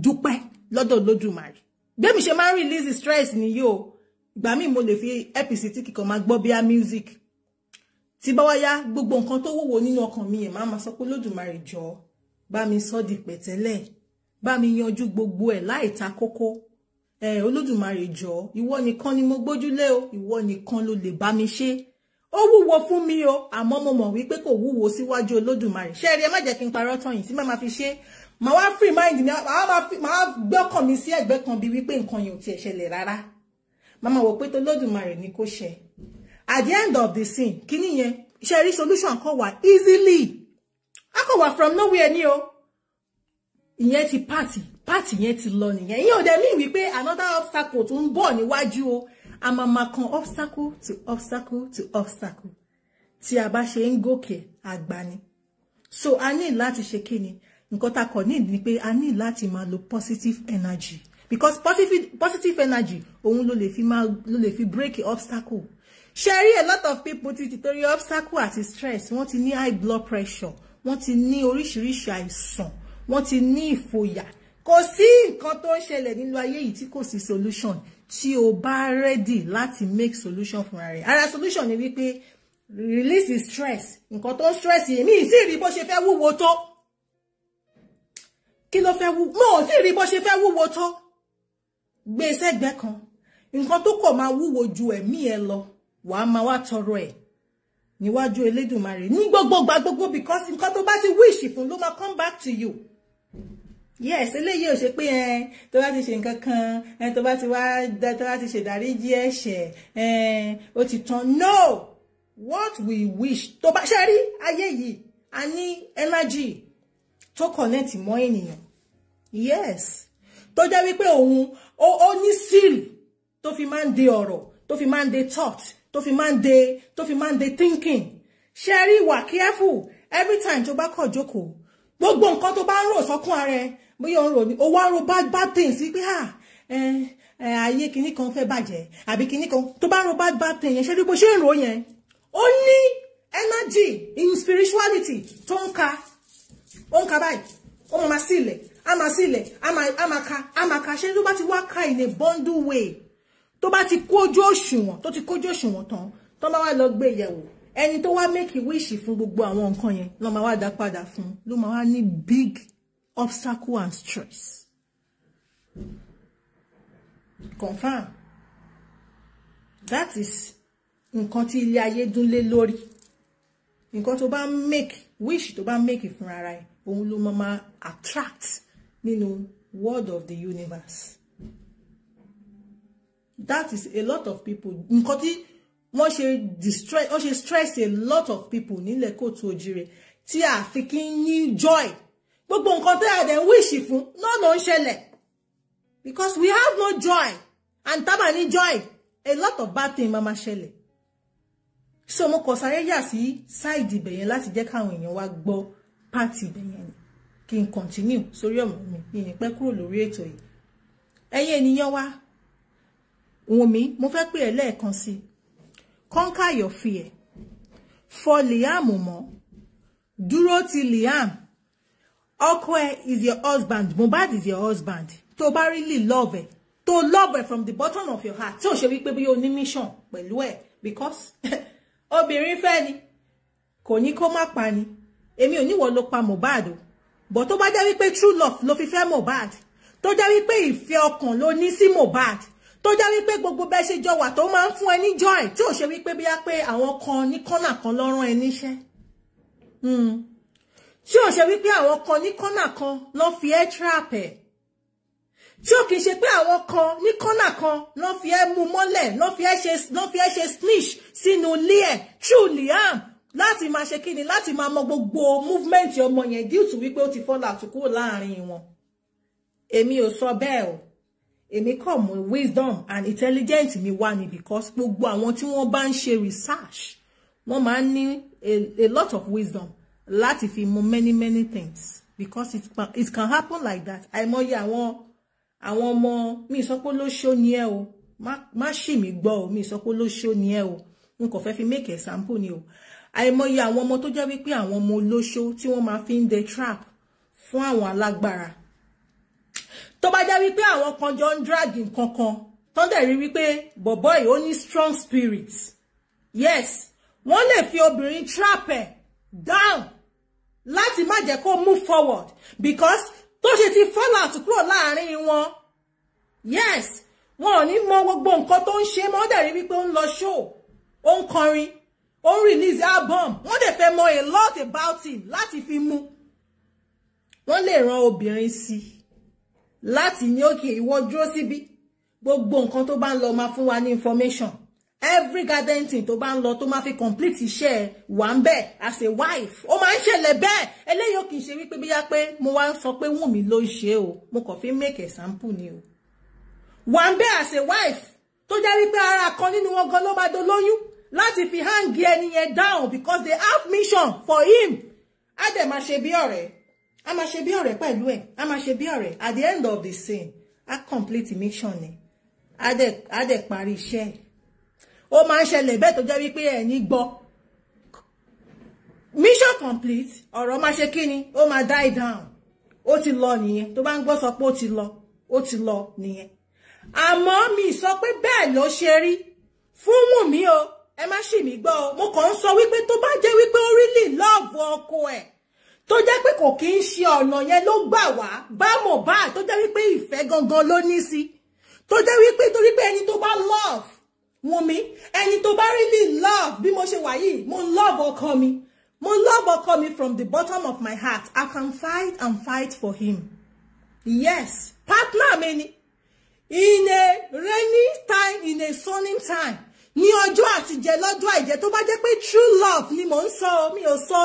[SPEAKER 3] dúpẹ́ lọ́dọ̀ lódùmarè bẹ́ẹ̀ mi ṣe máa ń release stress nìyí o ìgbà míì mo lè fi episode kíkan máa gbọ́ bíá music tí bá wá yá gbogbo nǹkan tó wúwo nínú ọkàn mi yẹn máa ma sọ pé lódùmarè jọ bá mi sọ di pẹ̀tẹ́lẹ̀ bá mi yanjú gbogbo ẹ̀ láì ta kókó ẹ olódùmarè jọ ìwọ nìkan ni mo gbójúlé o ìwọ nìkan ló lè bá mi ṣe ó wúwo fún mi o àmọ́ mo mọ̀ wípé kò wúwo síwájú olódùmarè ṣé ẹ rí ẹ má jẹ́ kí n parọ́ tán yìí tí má ma fi ṣe màá wá free mind ni màá gbọ́kàn mi sí ẹ̀gbẹ́ kan bí wípé nǹkan yìí ò tiẹ̀ ṣẹlẹ̀ rárá màá ma wò pé tolódùmarè ni kò ṣe at the end of the scene kini yẹn ṣe rí solution kò wá easily a kò from nowhere ni o ìyẹn ti party party yẹn ti lọ nìyẹn ìyẹn ò dẹ̀ mí wípé another obstacle tó ń bọ̀ níwájú o a máa ma kan obstacle to obstacle to obstacle Ti a bá ṣe ń gòkè àgbà so I need lati ṣe kini. nǹkan tá a kọ ni pé I need lati ma lo positive energy because positive positive energy òun ló lè fi máa ló lè fi break obstacle ṣe rí a lot of people ti ti torí obstacle àti stress wọ́n ti ní high blood pressure wọ́n ti ní oríṣiríṣi àìsàn wọ́n ti ní ìfòyà kò sí nǹkan tó ń ṣẹlẹ̀ nínú ayé yìí tí kò sí solution tí o bá ready láti make solution fúnra rẹ̀ ara solution ni wípé release the stress nǹkan tó ń stress yìí mi ì sì rí bó ṣe fẹ́ wúwo tó kí ló fẹ́ wúwo mo ò sì rí bó ṣe fẹ́ wúwo tó gbé sẹ́gbẹ́ kan nǹkan tó kọ̀ máa wúwo ju ẹ̀mí ẹ lọ wàá máa wá tọrọ ẹ̀ níwájú Elédùmarè ní gbogbo gbà gbogbo because nǹkan tó bá ti wish fún ló máa come back to you yes eléyìí ò ṣe pé ẹ tó bá ti ṣe nǹkan kan ẹ tó bá ti wá tó bá ti ṣèdáríjì ẹ̀ṣẹ̀ ẹ ó ti tán no what we wish tó bá ṣe rí ayé yìí a ní energy tó connect mọ́ ènìyàn yes tó jẹ́ wípé òun ó ní seal tó fi máa ń de ọ̀rọ̀ tó fi máa ń de thought To fi máa ń de tó fi máa de thinking Sherry rí careful every time tó bá kọ̀ jókòó gbogbo nǹkan to bá ń rò sọ́kún ara ẹ bóyá ó ń rò ní bad bad things sí pé à ayé kinní kan fẹ́ bàjẹ́ àbí kinní kan tó bá ń rò bad bad things yẹn ṣe rí bó ṣe ń rò energy in spirituality tó ń ka ó ń ka báyìí ó máa sí ilẹ̀ á máa sí ilẹ̀ ka á máa ka ṣe ló ti wá ka in a bundle way tó bá ti kójú òṣùwọ̀n tó ti kójú òṣùwọ̀n tán tó máa wá lọ gbé yẹ̀wò ẹni tó wá make wish fún gbogbo àwọn nǹkan yẹn ló máa wá dá padà fún ló máa wá ní big obstacle and stress confam that is nǹkan tí ilé ayé dúnlé lórí nǹkan tó bá make wish tó bá make fúnra rẹ̀ òun ló máa attract nínú world of the universe that is a lot of people nǹkan tí wọ́n ṣe distress wọ́n ṣe stress a lot of people nílẹ̀ kóòtù òjìrè tí a fi kí ń ní joy gbogbo nǹkan tó yàtọ̀ wíṣì fún lọ́nà ń ṣẹlẹ̀ because we have no joy and tábà ni joy a lot of bad things mama ṣẹlẹ̀ so mo kọ̀ sáré yà sí ṣáìdì ibẹ̀ yẹn láti jẹ́ káwọn èèyàn wá gbọ́ pàtì ibẹ̀ yẹn kí n continue sórí ọ̀mọ̀ mi ìyẹn pẹ́ kúrò lórí ètò yìí ẹ̀yin ènìyàn wa Wùnmí mo fẹ́ pè ẹ́ lẹ́ẹ̀kan sí conquer your fear For Liam mọ́ dúró ti Liam ọkọ is your husband Mohbad is your husband To bá really love ẹ to love ẹ from the bottom of your heart So ò ṣe wípé bí o ní mission pẹ̀lú ẹ because obìnrin fẹ́ ni kò ní kó má pa ni èmi ò níwọ̀ ló pa Mohbad o but tó bá jẹ́ wípé true love ló fi fẹ́ To tó jẹ́ wípé ìfẹ́ ọkàn ló ní sí Mohbad tó já wípé gbogbo bẹ́ẹ̀ ṣe jọ wà tó máa ń fún ẹ ní join tí ò ṣe wípé bíyá pé àwọn kan ní kọ́nà kan lọ́rùn ẹ níṣẹ́ hmm. tí ò ṣe wípé àwọn kan ní kọ́nà kan lọ́ fi ẹ́ trap ẹ̀ tí ò kìí ṣe pé àwọn kan ní kọ́nà kan lọ́ fi ẹ́ mú mọ́lẹ̀ lọ́ fi ẹ́ ṣe snitch sínú ilé ẹ̀ true liam láti máa ṣe kíni láti máa mọ gbogbo movement ọmọ yẹn due to wípé ó ti fọ́lá àtúkúrò láàrin wọn èmi ò sọ bẹ́ẹ̀ o èmi kàn mú wisdom and intelligence mi wá ni because gbogbo àwọn tí wọ́n bá ń ṣe research wọ́n máa ń ní a lot of wisdom láti fi mú many many things because it, it can happen like that àìmọye àwọn àwọn ọmọ mi sọ pé lóṣó ni ẹ o má ṣì mí gbọ́ o mi sọ pé lóṣó ni ẹ o n kò fẹ́ fi make example ni o àìmọye àwọn ọmọ tó jẹ́ wípé àwọn ọmọ olóṣó tí wọ́n máa fi ń de trap fún àwọn alágbára tó bá jẹ́ wípé àwọn kan jọ ń drag nǹkan kan tó ń dẹ̀ wípé bọ̀bọ́ yìí ó ní strong spirit yes wọ́n lè fi obìnrin trap ẹ̀ down láti má jẹ́ kó move forward because tó ṣe ti fall out kúrò láàrin wọn yes wọn ò ní mọ gbogbo nǹkan tó ń ṣe mọ́ ó dẹ̀ rí wípé ó ń lọ show ó ń kọrin ó ń release album wọ́n dẹ̀ fẹ́ mọ a lot about him láti fi mú wọ́n lè ran obìnrin sí i láti ní òkè ìwọ dúró síbí gbogbo nǹkan tó bá ń lọ máa fún wa ní information every garden thing tó bá ń lọ tó máa fi complete iṣẹ́ wà ń bẹ̀ as a wife ó máa ń ṣẹlẹ̀ bẹ́ẹ̀ eléyìí ò kì í ṣe wípé bíyá pé mo wá ń sọ pé wùn mí ló ń ṣe o mo kàn fi make example ni o wà ń bẹ̀ as a wife tó jẹ́ wípé ara kan nínú wọn gan ló máa dolóyún láti fi hang ẹni yẹn down because they have mission for him á dẹ̀ máa ṣe bí ọ̀rẹ́ a máa ṣe bí ọ̀rẹ́ pẹ̀lú ẹ̀ a máa ṣe bí ọ̀rẹ́ at the end of the scene a complete mission ni a dẹ̀ parí iṣẹ́ ẹ̀ ó máa ń ṣẹlẹ̀ bẹ́ẹ̀ tó jẹ́ wípé ẹ̀ ní mission complete ọ̀rọ̀ máa ṣe kíni ó máa die down ó ti lọ nìyẹn tó bá ń gbọ́ sọ pé ó ti lọ ó ti lọ nìyẹn àmọ́ mi sọ pé bẹ́ẹ̀ ló ṣe rí fún Wùnmí o ẹ má ṣì mí gbọ́ o mo kàn ń sọ wípé tó bá jẹ́ wípé ó rí lì lọ́ọ̀bù ọkọ ẹ̀ tó jẹ́ pé kò kí ń ṣe ọ̀nà yẹn ló gbà wá bá Mohbad tó jẹ́ wípé ìfẹ́ gangan ló ní sí tó jẹ́ wípé torí pé ẹni tó bá love Wunmi ẹni tó bá really love bí mo ṣe wà yìí mo love ọkọ mi mo love ọkọ mi from the bottom of my heart I can fight and fight for him yes partner mi ni in a rainy time in a sunny time ní ọjọ́ àtijẹ lọ́jọ́ àìjẹ tó bá jẹ́ pé true love ni mò ń sọ mi ò sọ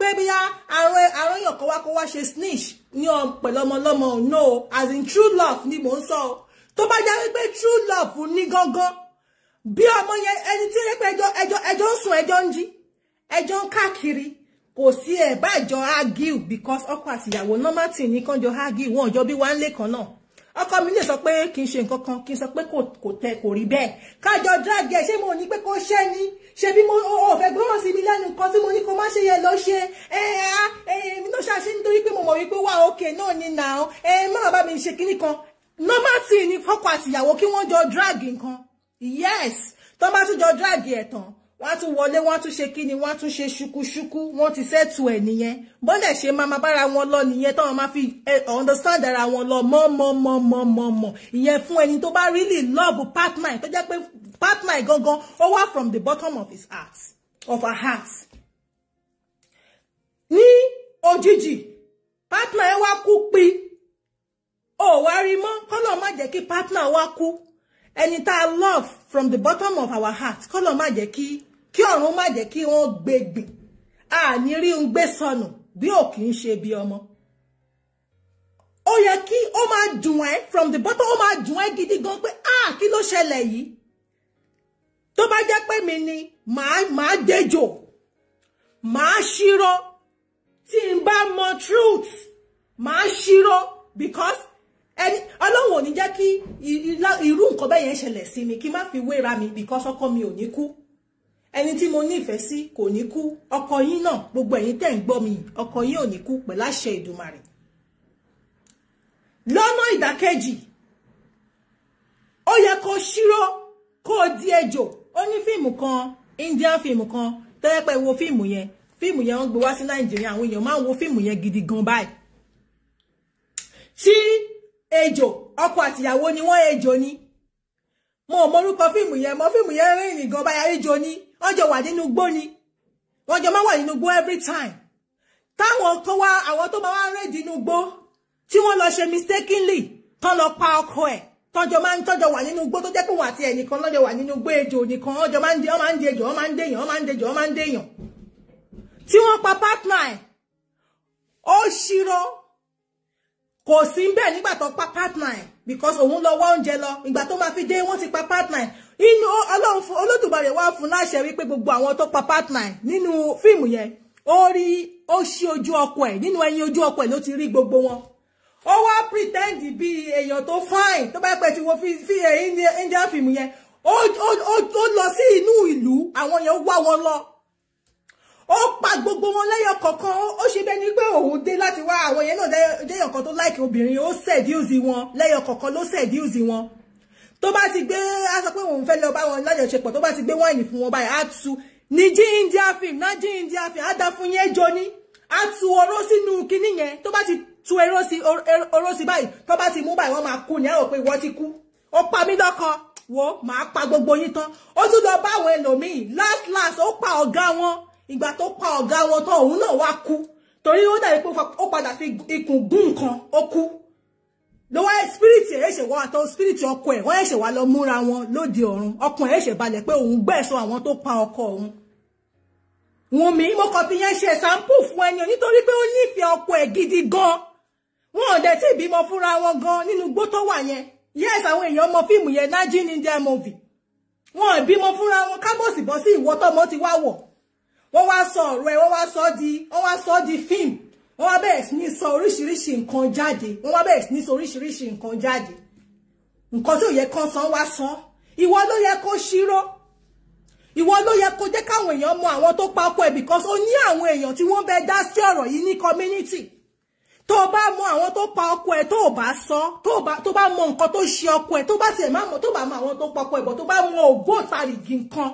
[SPEAKER 3] pé bíyá àwọn èèyàn kan wá kó wá ṣe snitch ní pẹ̀lú ọmọlọ́mọ no as in true love ni mò ń sọ o tó bá jẹ́ wípé true love ní gángan bí ọmọ yẹn ẹni tí ó pé ẹjọ́ ẹjọ́ ẹjọ́ ń sùn ẹjọ́ ń jí ẹjọ́ ń káàkiri kò sí ẹ̀ bá ìjọ argue because ọkọ àtìyàwó normal thing ní kánjọ argue wọn ìjọ bí wá ń lé kan náà ọkọ mi lè sọ pé kì í ṣe nǹkan kan kì í sọ pé kò tẹ kò rí bẹ́ẹ̀ kájọ drag ẹ ṣé mo ní pé kó ṣẹ́ ni ṣe bí mo ò fẹ́ gbọ́ràn sí mi lẹ́nu nǹkan tí mo ní kó má ṣe yẹ lọ ṣe ẹ ẹ mi tó ṣàṣe nítorí pé mo mọ̀ wípé wà ókè náà ni nà án ẹ má bá mi ṣe kinní kan normal ni fọ́kọ àtìyàwó kí wọ́n jọ drag nǹkan yes tó bá tún jọ drag ẹ̀ tán wọ́n tún wọlé wọ́n tún ṣe kíni wọ́n tún ṣe ṣukúṣukú wọ́n ti sẹ́tù ẹ̀ nìyẹn bọ́lẹ̀ ṣe máa máa bára wọn lọ nìyẹn tọ́wọ́n máa fi understand ara wọn lọ mọ́mọ́mọ́mọ́mọ́ ìyẹn fún ẹni tó bá really love partner tó jẹ́ pé partner gangan ó wá from the bottom of his heart of her heart. ní òjijì partner ẹ wá kú pi ó wá rí mọ́ kọ́lọ́ má jẹ́ kí partner wá kú ẹni tá a love from the bottom of our heart kọ́lọ́ má jẹ́ kí kí ọ̀run má jẹ́ kí wọ́n gbègbè àní rí ń gbé sọnù bí ò kì í ṣe bí ọmọ ó yẹ kí ó máa dùn ẹ́ from the bottom ó máa dùn ẹ́ gidi gan pé ah kí ló ṣẹlẹ̀ yìí tó bá jẹ́ pé mi ni màá màá dejò màá ṣírò tí n bá mọ truth màá ṣírò because ẹni ọlọ́run ò ní jẹ́ kí irú nǹkan bẹ́ẹ̀ yẹn ṣẹlẹ̀ sí mi kí n má fi wéra mi because ọkọ mi ò ní kú ẹni tí mo nífẹ̀ẹ́ sí kò ní kú ọkọ yín náà gbogbo ẹ̀yin tẹ́ ń gbọ́ mi ọkọ yín ò ní kú pẹ̀lú àṣẹ Èdùmàrè lọ́nà ìdàkejì ó yẹ kó ṣírò kó di ejò ó ní fíìmù kan Indian fíìmù kan tẹ́lẹ̀ wo fíìmù yẹn fíìmù yẹn wọ́n gbé wá sí Nàìjíríà àwọn èèyàn máa ń wo fíìmù yẹn gidi gan báyìí tí ejò ọkọ àtìyàwó ni wọ́n ejò ni mo mọ orúkọ fíìmù yẹn mọ fíìmù yẹn rìn nìgan báyà ejò ni. Ojo wa wà nínú ni ojo jọ wa wà nínú every time táwọn tó wá àwọn tó máa wá rèdí inú igbó tí wọ́n lọ ṣe mistakenly tán lọ pa ọkọ ẹ̀ tọ́jọ máa ń tọ́jọ wà nínú igbó tó jẹ́ pé wà àti ẹnìkan lọ́jọ́ wà nínú igbó ejò nìkan ọjọ́ máa ń dé ọmọ ń dejò ọmọ ń dèyàn ọmọ ń dejò ọmọ ń dèyàn tí wọ́n pa partner ẹ̀ ó ṣírò kò sí ń bẹ̀ pa partner because òun lọ wa oúnjẹ lọ ìgbà tó máa fi dé wọ́n ti pa partner inú ọlọ́run fún olódùmarè wá fún láṣẹ wípé gbogbo àwọn tó pa partner nínú fíìmù yẹn ó rí ó ṣí ojú ọkọ ẹ̀ nínú ẹyin ojú ọkọ ẹ̀ ló ti rí gbogbo wọn ó wá pretend bí èèyàn tó fine tó bá pẹ́ ti wo fi indian fíìmù yẹn ó lọ sí inú ìlú àwọn yẹn wá wọn lọ ó pa gbogbo wọn lẹ́yọ kọ̀ọ̀kan ó ṣe bẹ́ẹ̀ ni pé òun dé láti wá àwọn yẹn náà lẹ́yọ kan tó láìkì obìnrin ó sẹ̀díùsì wọn lẹ́yọ kọ̀ọ̀kan ló sẹ̀díùsì wọn tó bá ti gbé á sọ pé òun fẹ́ lọ bá wọn lájọṣepọ̀ tó bá ti gbé wáìnì fún wọn báyìí á tu ní jí india film náà jí india film á dá fún yẹn jọ ní á tu oró sínú kinní yẹn tó bá ti tu oró sí oró sí báyìí tó bá ti mú báyìí wọ́n máa kú ní àwọn pé ìwọ ti kú ó pa mí lọ́kọ wo màá pa gbogbo yín tán ó tún lọ bá àwọn ẹlòmíì last last ó pa ọ̀gá wọn ìgbà tó pa ọ̀gá wọn tán òun náà wá kú torí ó dàbí pé ó padà fi ikùn gún nǹkan ó kú ló wá spirit ẹ̀ ṣe wá to spirit ọkọ ẹ̀ wọ́n ṣe wá lọ múra wọn lóde ọ̀run ọkàn ẹ̀ ṣe balẹ̀ pé òun gbẹ̀sọ́ àwọn to pa ọkọ òun wọn mi mo kàn fi yẹn ṣe sample fún nitori, nítorí pé ó nífẹ̀ẹ́ ọkọ ẹ̀ gidi gan wọn ò dẹ̀ tí ìbímọ fúnra wọn gan nínú igbó to wà yẹn yes àwọn èèyàn mọ fíìmù yẹn nájí in india movie wọn ò bímọ fúnra wọn kábọ̀sì bọ́ sí ìwọ tọmọ ti wá wọ̀ wọ́n wá sọ ọ̀rọ̀ ẹ̀ wọ́n wá sọ di wọ́n wá sọ di film wọ́n wá bẹ̀rẹ̀ sí ní sọ oríṣiríṣi nǹkan jáde wọ́n wá bẹ̀rẹ̀ sí ní sọ oríṣiríṣi nǹkan jáde nǹkan tí yẹ kán san wá san ìwọ ló yẹ kó ṣírò ìwọ ló yẹ kó jẹ́ káwọn èèyàn mọ àwọn tó papọ̀ ẹ̀ because ó ní àwọn èèyàn tí wọ́n bẹ dá sí ọ̀rọ̀ yìí ní community tó o bá mọ àwọn tó pa ọkọ ẹ tó o bá sọ tó bá mọ nǹkan tó ṣe ọkọ ẹ tó bá tiẹ̀ má mọ tó bá mọ àwọn tó pa ọkọ ẹ bọ̀ tó bá mọ ògbóǹtarìgì nǹkan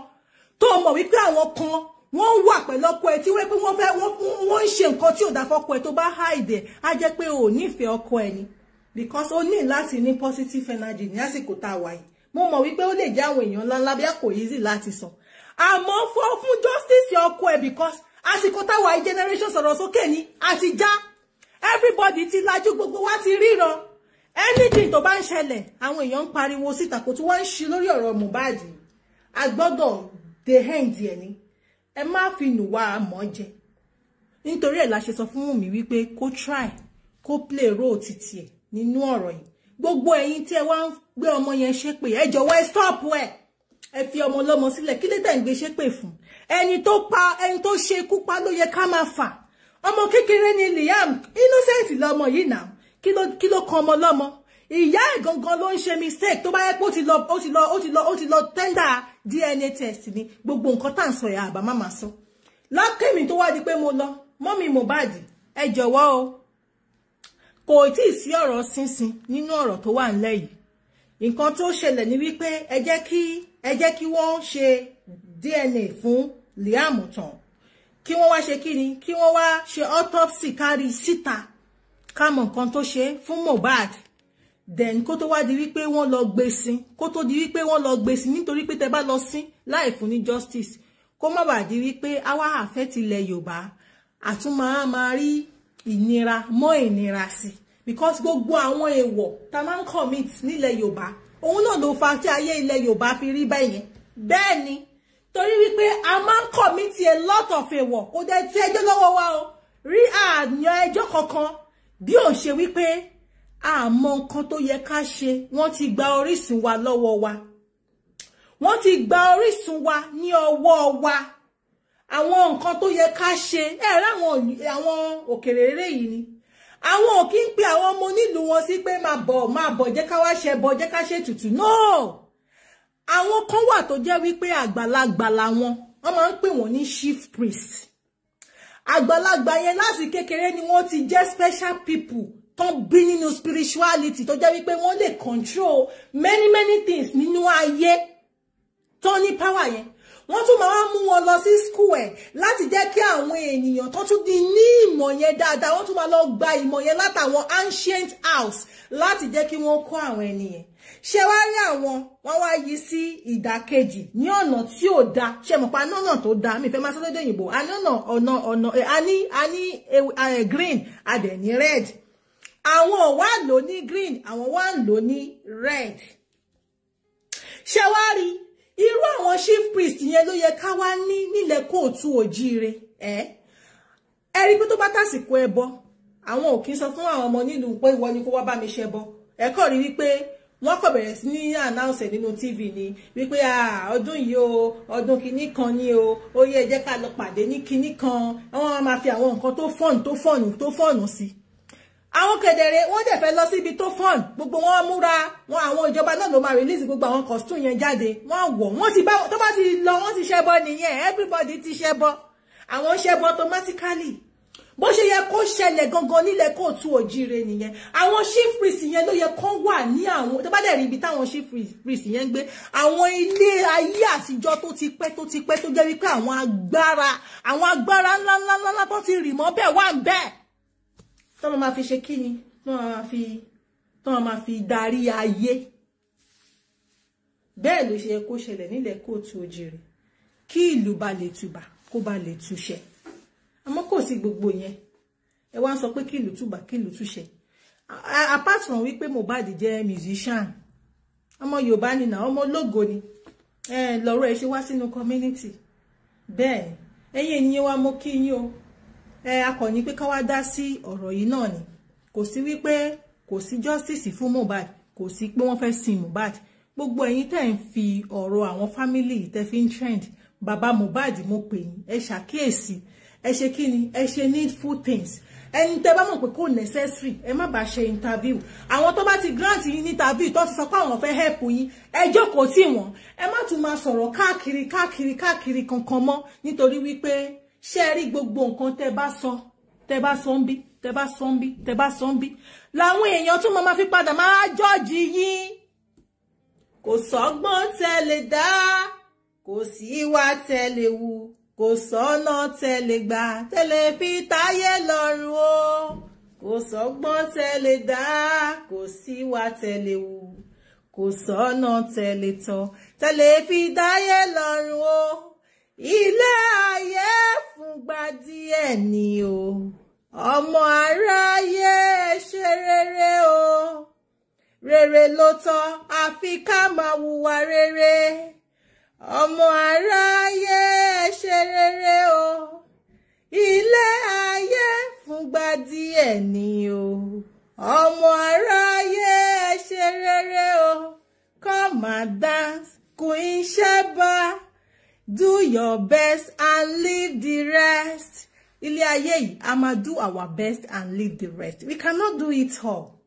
[SPEAKER 3] tó mọ̀ wípé àwọn kan wọ́n wà pẹ̀lú ọkọ ẹ̀ tí wọ́n pé wọ́n fẹ́ wọ́n ń ṣe nǹkan tí ò dá fọ́kọ ẹ̀ tó bá hide á jẹ́ pé ò nífẹ̀ẹ́ ọkọ ẹ̀ ni because ó ní láti ní positive energy ní àsìkò tá a wà yìí mo mọ̀ wípé ó lè jẹ́ àwọn èèyàn ńláńlá bí kò easy láti sàn àmọ́ fọ́ fún justice ọkọ ẹ̀ because àsìkò tá a wà yìí generation sọ̀rọ̀ sókè ni àti já everybody ti lajú gbogbo wa ti ríran anything tó bá ń ṣẹlẹ̀ àwọn èèyàn ń pariwo síta kò tún wá ń ṣe lórí ọ̀rọ̀ Mohbad a gbọ́dọ̀ dey end ẹ̀ ni ẹ má fi wá àmọ́ jẹ nítorí ẹ̀ la ṣe sọ fún mi wípé kó try kó play role títí ẹ̀ nínú ọ̀rọ̀ yìí gbogbo ẹ̀yin tí ẹ wá ń gbé ọmọ yẹn ṣépè ẹ jọ̀wọ́ ẹ stop ẹ ẹ fi ọmọ ọlọ́mọ sílẹ̀ kí ló dẹ̀ ń gbé ṣépè fún ẹni tó pa ẹni tó ṣe ikú pa ló yẹ ká máa fà ọmọ kékeré ni Liam innocent lọmọ yìí náà kí ló kan ọmọ ọlọmọ. ìyá ẹ̀ gangan ló ń ṣe mistake tó bá yẹ pé ó ti lọ ó ti lọ ó ti lọ tẹ́ndà DNA test ni gbogbo nǹkan tá à ń sọ ìyá àbá màmá sọ lọ́kẹ́ mi tó wá di pé mo lọ mọ́mí Mohbad ẹ jọ̀wọ́ o kò tí ì sí ọ̀rọ̀ sínsìn nínú ọ̀rọ̀ tó wà ńlẹ̀ yìí nǹkan tó ṣẹlẹ̀ ni wípé ẹ jẹ́ kí ẹ jẹ́ kí wọ́n ṣe DNA fún Liam tán kí wọ́n wá ṣe kí ni kí wọ́n wá ṣe autopsy kárí síta ká mọ̀ nǹkan tó ṣe fún Mohbad then kó tó wá di wípé wọ́n lọ gbé sin kó tó di wípé wọ́n lọ gbé sin nítorí pé tẹ́ bá lọ sin láì fún ní justice kó má bàa di wípé àwa àfẹ́ tilẹ̀ yorùbá àtúmọ̀ á máa rí ìnira mọ́ ìnira sí because gbogbo àwọn èèwọ̀ tá máa ń commit nílẹ̀ yorùbá òun náà ló fa tí ayé ilẹ̀ yorùbá fi rí bẹ́yẹn bẹ́ẹ̀ ni torí wípé a máa ń commit a lot of èèwọ̀ kò dẹ̀ tí ẹjọ́ lọ́wọ́ wa o rí àyàn ẹjọ́ kankan bí ò ṣe wípé àmọ́ nǹkan tó yẹ ká ṣe wọ́n ti gba orísun wa lọ́wọ́ wa wọ́n ti gba orísun wa ní ọwọ́ wa àwọn nǹkan tó yẹ ká ṣe ẹ̀rẹ́ àwọn òkèrè eré yìí ni àwọn ò ń pe àwọn ọmọ onílùú wọn sí pé máa bọ̀ máa bọ̀ jẹ́ ká wá ṣe bọ̀ jẹ́ ká ṣe tùtù náà àwọn kan wà tó jẹ́ wípé àgbàlagbà làwọn wọ́n máa ń pè wọ́n ní chief priest àgbàlagbà yẹn láti kékeré ni wọ́n ti jẹ́ special people tán bí nínú spirituality tó jẹ́ wípé wọ́n lè control many many things nínú ayé tán ní power yẹn wọ́n tún máa mú wọn lọ sí school ẹ̀ láti jẹ́ kí àwọn ènìyàn tó tún di ní ìmọ̀ yẹn dáadáa wọ́n tún máa lọ gba ìmọ̀ yẹn látàwọn ancient house láti jẹ́ kí wọ́n kọ́ àwọn ènìyàn ṣé wá rí àwọn wọ́n wá yí sí ìdàkejì ní ọ̀nà tí ò da ṣe mọ̀ pa nọ́nà tó da mi fẹ́ máa sọ lédè òyìnbó a ní ọ̀nà ọ̀nà ọ̀nà a ní a ní green a dẹ̀ ní red àwọn wá lò ní green àwọn wá lò ní red ṣe wá rí irú àwọn chief priest yẹn ló yẹ ká wá ní nílẹ̀ kóòtù òjíire ẹ ẹ rí pé tó bá tàsìkò ẹbọ àwọn ò kí ń sọ fún àwọn ọmọ nílùú pé ìwọ ni kó wá bá mi ṣẹbọ ẹ kọ rí wípé wọ́n kọ̀ bẹ̀rẹ̀ sí ní announce nínú tv ni wípé ọdún yìí o ọdún kinní kan ni o ó yẹ jẹ́ ká lọ pàdé ní kinní kan wọ́n máa fi àwọn nǹkan tó fọ̀nù tó fọ̀nù tó fọ̀nù sí i àwọn kedere wọ́n dẹ̀ fẹ́ lọ síbi tó fọ́n gbogbo wọn múra wọn àwọn ìjọba náà ló máa release gbogbo àwọn costume yẹn jáde wọ́n wọ̀ wọ́n ti bá tó bá ti lọ wọ́n ti ṣẹbọ nìyẹn everybody ti ṣẹbọ àwọn ṣẹbọ automatically bó ṣe yẹ kó ṣẹlẹ̀ gangan nílẹ̀ kóòtù òjire nìyẹn àwọn chief priest yẹn ló yẹ kán wà ní àwọn tó bá dẹ̀ rí ibi táwọn chief priest yẹn ń gbé àwọn ilé ayé àtijọ́ tó ti pẹ́ tó ti pẹ́ tó jẹ́ wípé àwọn agbára àwọn agbára ńláńláńlá tó ti rì mọ́ bẹ́ẹ̀ wà bẹ́ẹ̀ tó máa fi ṣe kíni tó máa fi tó máa fi darí ayé bẹ́ẹ̀ ló ṣe yẹ kó ṣẹlẹ̀ nílẹ̀ kóòtù òjìrì kí ìlú ba lè tùbà kó ba lè túṣẹ àmọ́ kò sí gbogbo yẹn ẹ wá ń sọ pé kí ìlú tùbà kí ìlú túṣẹ apart from wípé Mohbad jẹ́ musician ọmọ Yorùbá ni náà ọmọ ológo ni lọ́rọ̀ ẹ ṣe wá sínú community bẹ́ẹ̀ ẹ̀yin ènìyàn wa mo kí yín o akọ̀ní pé káwá dá sí ọ̀rọ̀ yìí náà ni kò sí wípé kò sí justice fún Mohbad kò sí pé wọ́n fẹ́ sin Mohbad gbogbo ẹ̀yin tẹ́ ń fi ọ̀rọ̀ àwọn family tẹ́ fi ń trend bàbá Mohbad mo pè yín ẹ ṣàkíyèsí ẹ ṣe kí ni ẹ ṣe needful things ẹni tẹ́ bá mọ̀ pé kò necessary ẹ má bàa ṣe interview àwọn tó bá ti grant yín ní interview tó ti sọ pé àwọn fẹ́ help yín ẹ jókòó tì wọ́n ẹ má tún máa sọ̀rọ̀ káàkiri káàkiri káàkiri kankan mọ́ nítorí wípé ṣé ẹ rí gbogbo nǹkan tẹ́ bá sọ tẹ́ bá sọ ń bí tẹ́ bá sọ ń bí tẹ́ bá sọ ń bí làwọn èèyàn tún máa fi padà máa jọ́ọ̀jì yín kò sọ́gbọ́n tẹ́ lè dá kò sí ìwà tẹ́ lè wù kò sọ́nà tẹ́ gbà tẹ́ fi táyé lọ́rùn o kò sọ́gbọ́n tẹ́ dá kò sí ìwà tẹ́ wù kò sọ́nà tẹ́ lè tọ́ fi dáyé lọ́rùn o ilé ayé fúngbà díẹ̀ ni o ọmọ aráyé ṣe rere o rere ló tọ́ àfi ká máa hùwà rere ọmọ aráyé ṣe rere o ilé ayé fúngbà díẹ̀ ni o
[SPEAKER 2] ọmọ aráyé
[SPEAKER 3] ṣe rere o come and dance Queen Sheba do your best and leave the rest ilé ayé yìí a máa do our best and leave the rest we cannot do it all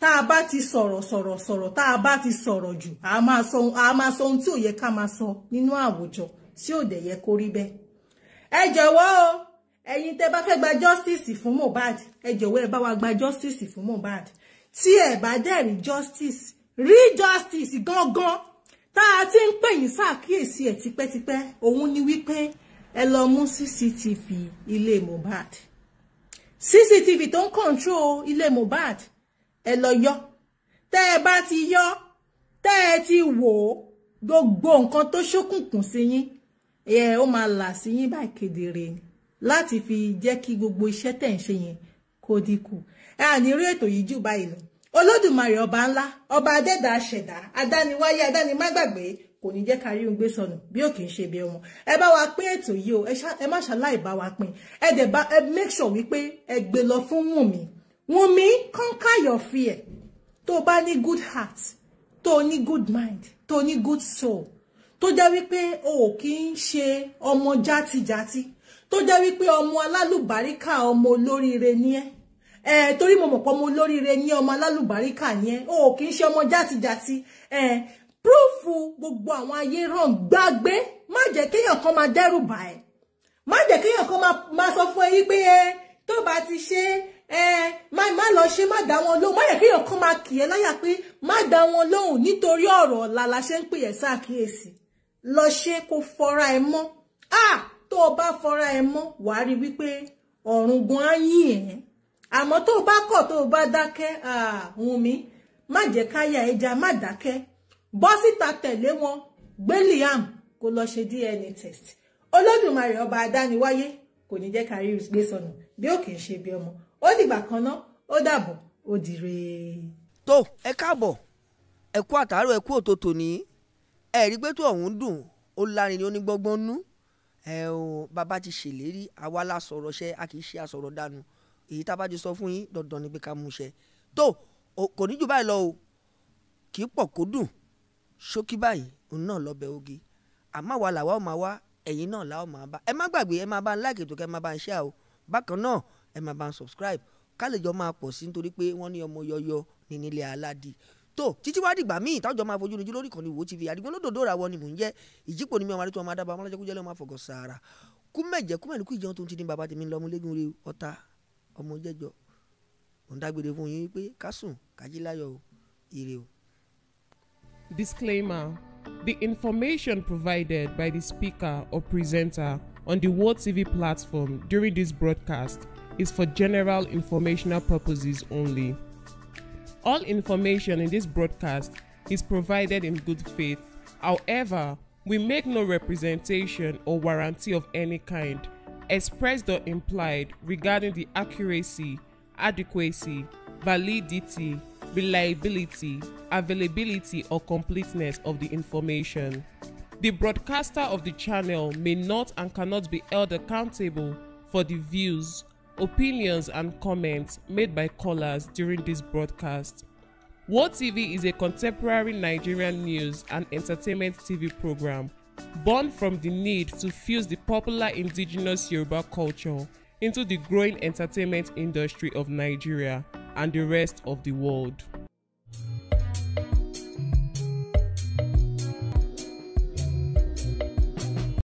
[SPEAKER 3] tá a bá ti sọ̀rọ̀ sọ̀rọ̀ sọ̀rọ̀ tá a bá ti sọ̀rọ̀ jù a máa sọ ohun tí ò yẹ ká máa sọ nínú àwùjọ tí ò dẹ̀ yẹ kó rí bẹ́ẹ̀ ẹ jọ̀wọ́ o ẹ̀yin tẹ́ bá fẹ́ gba justice fún Mohbad ẹ jọ̀wọ́ ẹ bá wa gba justice fún Mohbad tí ẹ bá dẹ̀ rí justice rí justice gangan tá a ti ń pè yín ṣàkíyèsí ẹ̀ tipẹ́tipẹ́ òun ni wípé ẹ lọ mú cctv ilé Mohbad cctv tó ń kọ̀ǹtró ilé Mohbad ẹ lọ yọ tẹ́ ẹ bá ti yọ tẹ́ ẹ ti wò ó gbogbo nǹkan tó ṣókùnkùn sí yín ẹ ó máa là sí yín báyìí kedere ni láti fi jẹ́ kí gbogbo iṣẹ́ tẹ̀ ń ṣe yẹn kó dínkù ẹ à ní rí ètò yìí jù báyìí lọ olódùmarè ọba ńlá ọba adẹ́dà ṣẹ̀dá adániwáyé adánimágbàgbé kò ní jẹ́ ká rí oúnjẹ sọnù bí ò kì í ṣe bí wọn ẹ bá wa pín ètò yìí o ẹ má ṣàláì bá wa pín ẹ dẹ̀ bá ẹ make sure wípé ẹ gbé lọ fún Wùnmí Wùnmí conquer your fear tó o bá ní good heart tó o ní good mind tó o ní good soul tó jẹ́ wípé o ò kì í ṣe ọmọ játijàti tó jẹ́ wípé ọmọ alálùbáríkà ọmọ olóríire ni ẹ́ eh tori mo mo pé ọmọ olóríire ní ọmọ alálùbáríkà yẹn o kì í ṣe ọmọ játijàti ẹ púrúfù gbogbo àwọn ayé ràn gbàgbé má jẹ́ kéèyàn kan máa dẹ́rù bà ẹ́ má jẹ́ kéèyàn kan máa sọ fún ẹ yí pé ẹ tó bá ti eh ẹ má lọ ṣe má dá wọn lóhùn má jẹ́ kéèyàn kan máa kì ẹ́ láyà pé má dá wọn lóhùn nítorí ọ̀rọ̀ ọ̀la la ṣe ń pè ẹ́ sáàkíyèsí lọ ṣe kó fọra ẹ mọ́ ah tó o bá fọra ẹ mọ́ wàá rí wípé gan á yìn ẹ́ àmọ́ tó bá kọ̀ tó bá dákẹ́ Wùnmí má jẹ́ káyà ẹja má dákẹ́ bọ́ síta tẹ̀lé wọn gbé Liam kó lọ ṣe DNA test Olódùmarè ọba adániwáyé kò ní jẹ́ kárí gbé sọnù bí ó kì í ṣe bí ọmọ ó dìgbà kan ná ó dàbọ̀ ó dìre.
[SPEAKER 2] tó ẹ káàbọ̀ ẹ kú àtàárọ̀ ẹ kú òtòtò ní ẹ rí pé tó ọ̀hún dùn ó lárin ni ó ní gbọ́ngbọ́n nú ẹ o bàbá ti ṣèlérí àwa la sọ̀rọ̀ ṣe a kì í ṣe àsọ̀rọ̀ dànù èyí tá a bá ti sọ fún yín dandan ni pé ká mú ṣẹ tó kò ní jù báyìí lọ o kì í pọ̀ kó dùn ṣókí báyìí òun náà lọ́bẹ̀ ogi àmọ́ àwa làwa ò máa wá ẹ̀yin náà làwa ò máa bá ẹ má gbàgbé ẹ máa bá ń láìkè tó kẹ́ ẹ máa bá ń share o bákan náà ẹ máa bá ń subscribe ká lè jọ máa pọ̀ sí nítorí pé wọ́n ní ọmọ yọyọ ní nílẹ̀ aládìí tó títí wá dìgbà míì táwọn jọ máa fojú níjú lórí ìkànnì Wo TV àdìgbò lódòdó ra wọn ni mò ń jẹ́ ìjípò ni mi àwọn àdìtò ọmọ adábàá ọmọlájẹkújẹ lọ́mọ àfọ̀gọ̀ sàárà kú mẹ̀jẹ̀ kú mẹ̀lú kú ìjẹun tó ń ti ní bàbá tèmi lọ́mú lẹ́gùn rí ọ̀tá ọmọ jẹjọ òun fún yín pé ká sùn kájí o. Disclaimer. The information
[SPEAKER 1] provided by the speaker or presenter on the World TV platform during this broadcast is for general informational purposes only. All information in this broadcast is provided in good faith. However, we make no representation or warranty of any kind expressed or implied regarding the accuracy, adequacy, validity, reliability, availability, or completeness of the information. The broadcaster of the channel may not and cannot be held accountable for the views, opinions, and comments made by callers during this broadcast. WOTV is a contemporary Nigerian news and entertainment TV program born from the need to fuse the popular indigenous Yoruba culture into the growing entertainment industry of Nigeria and the rest of the world.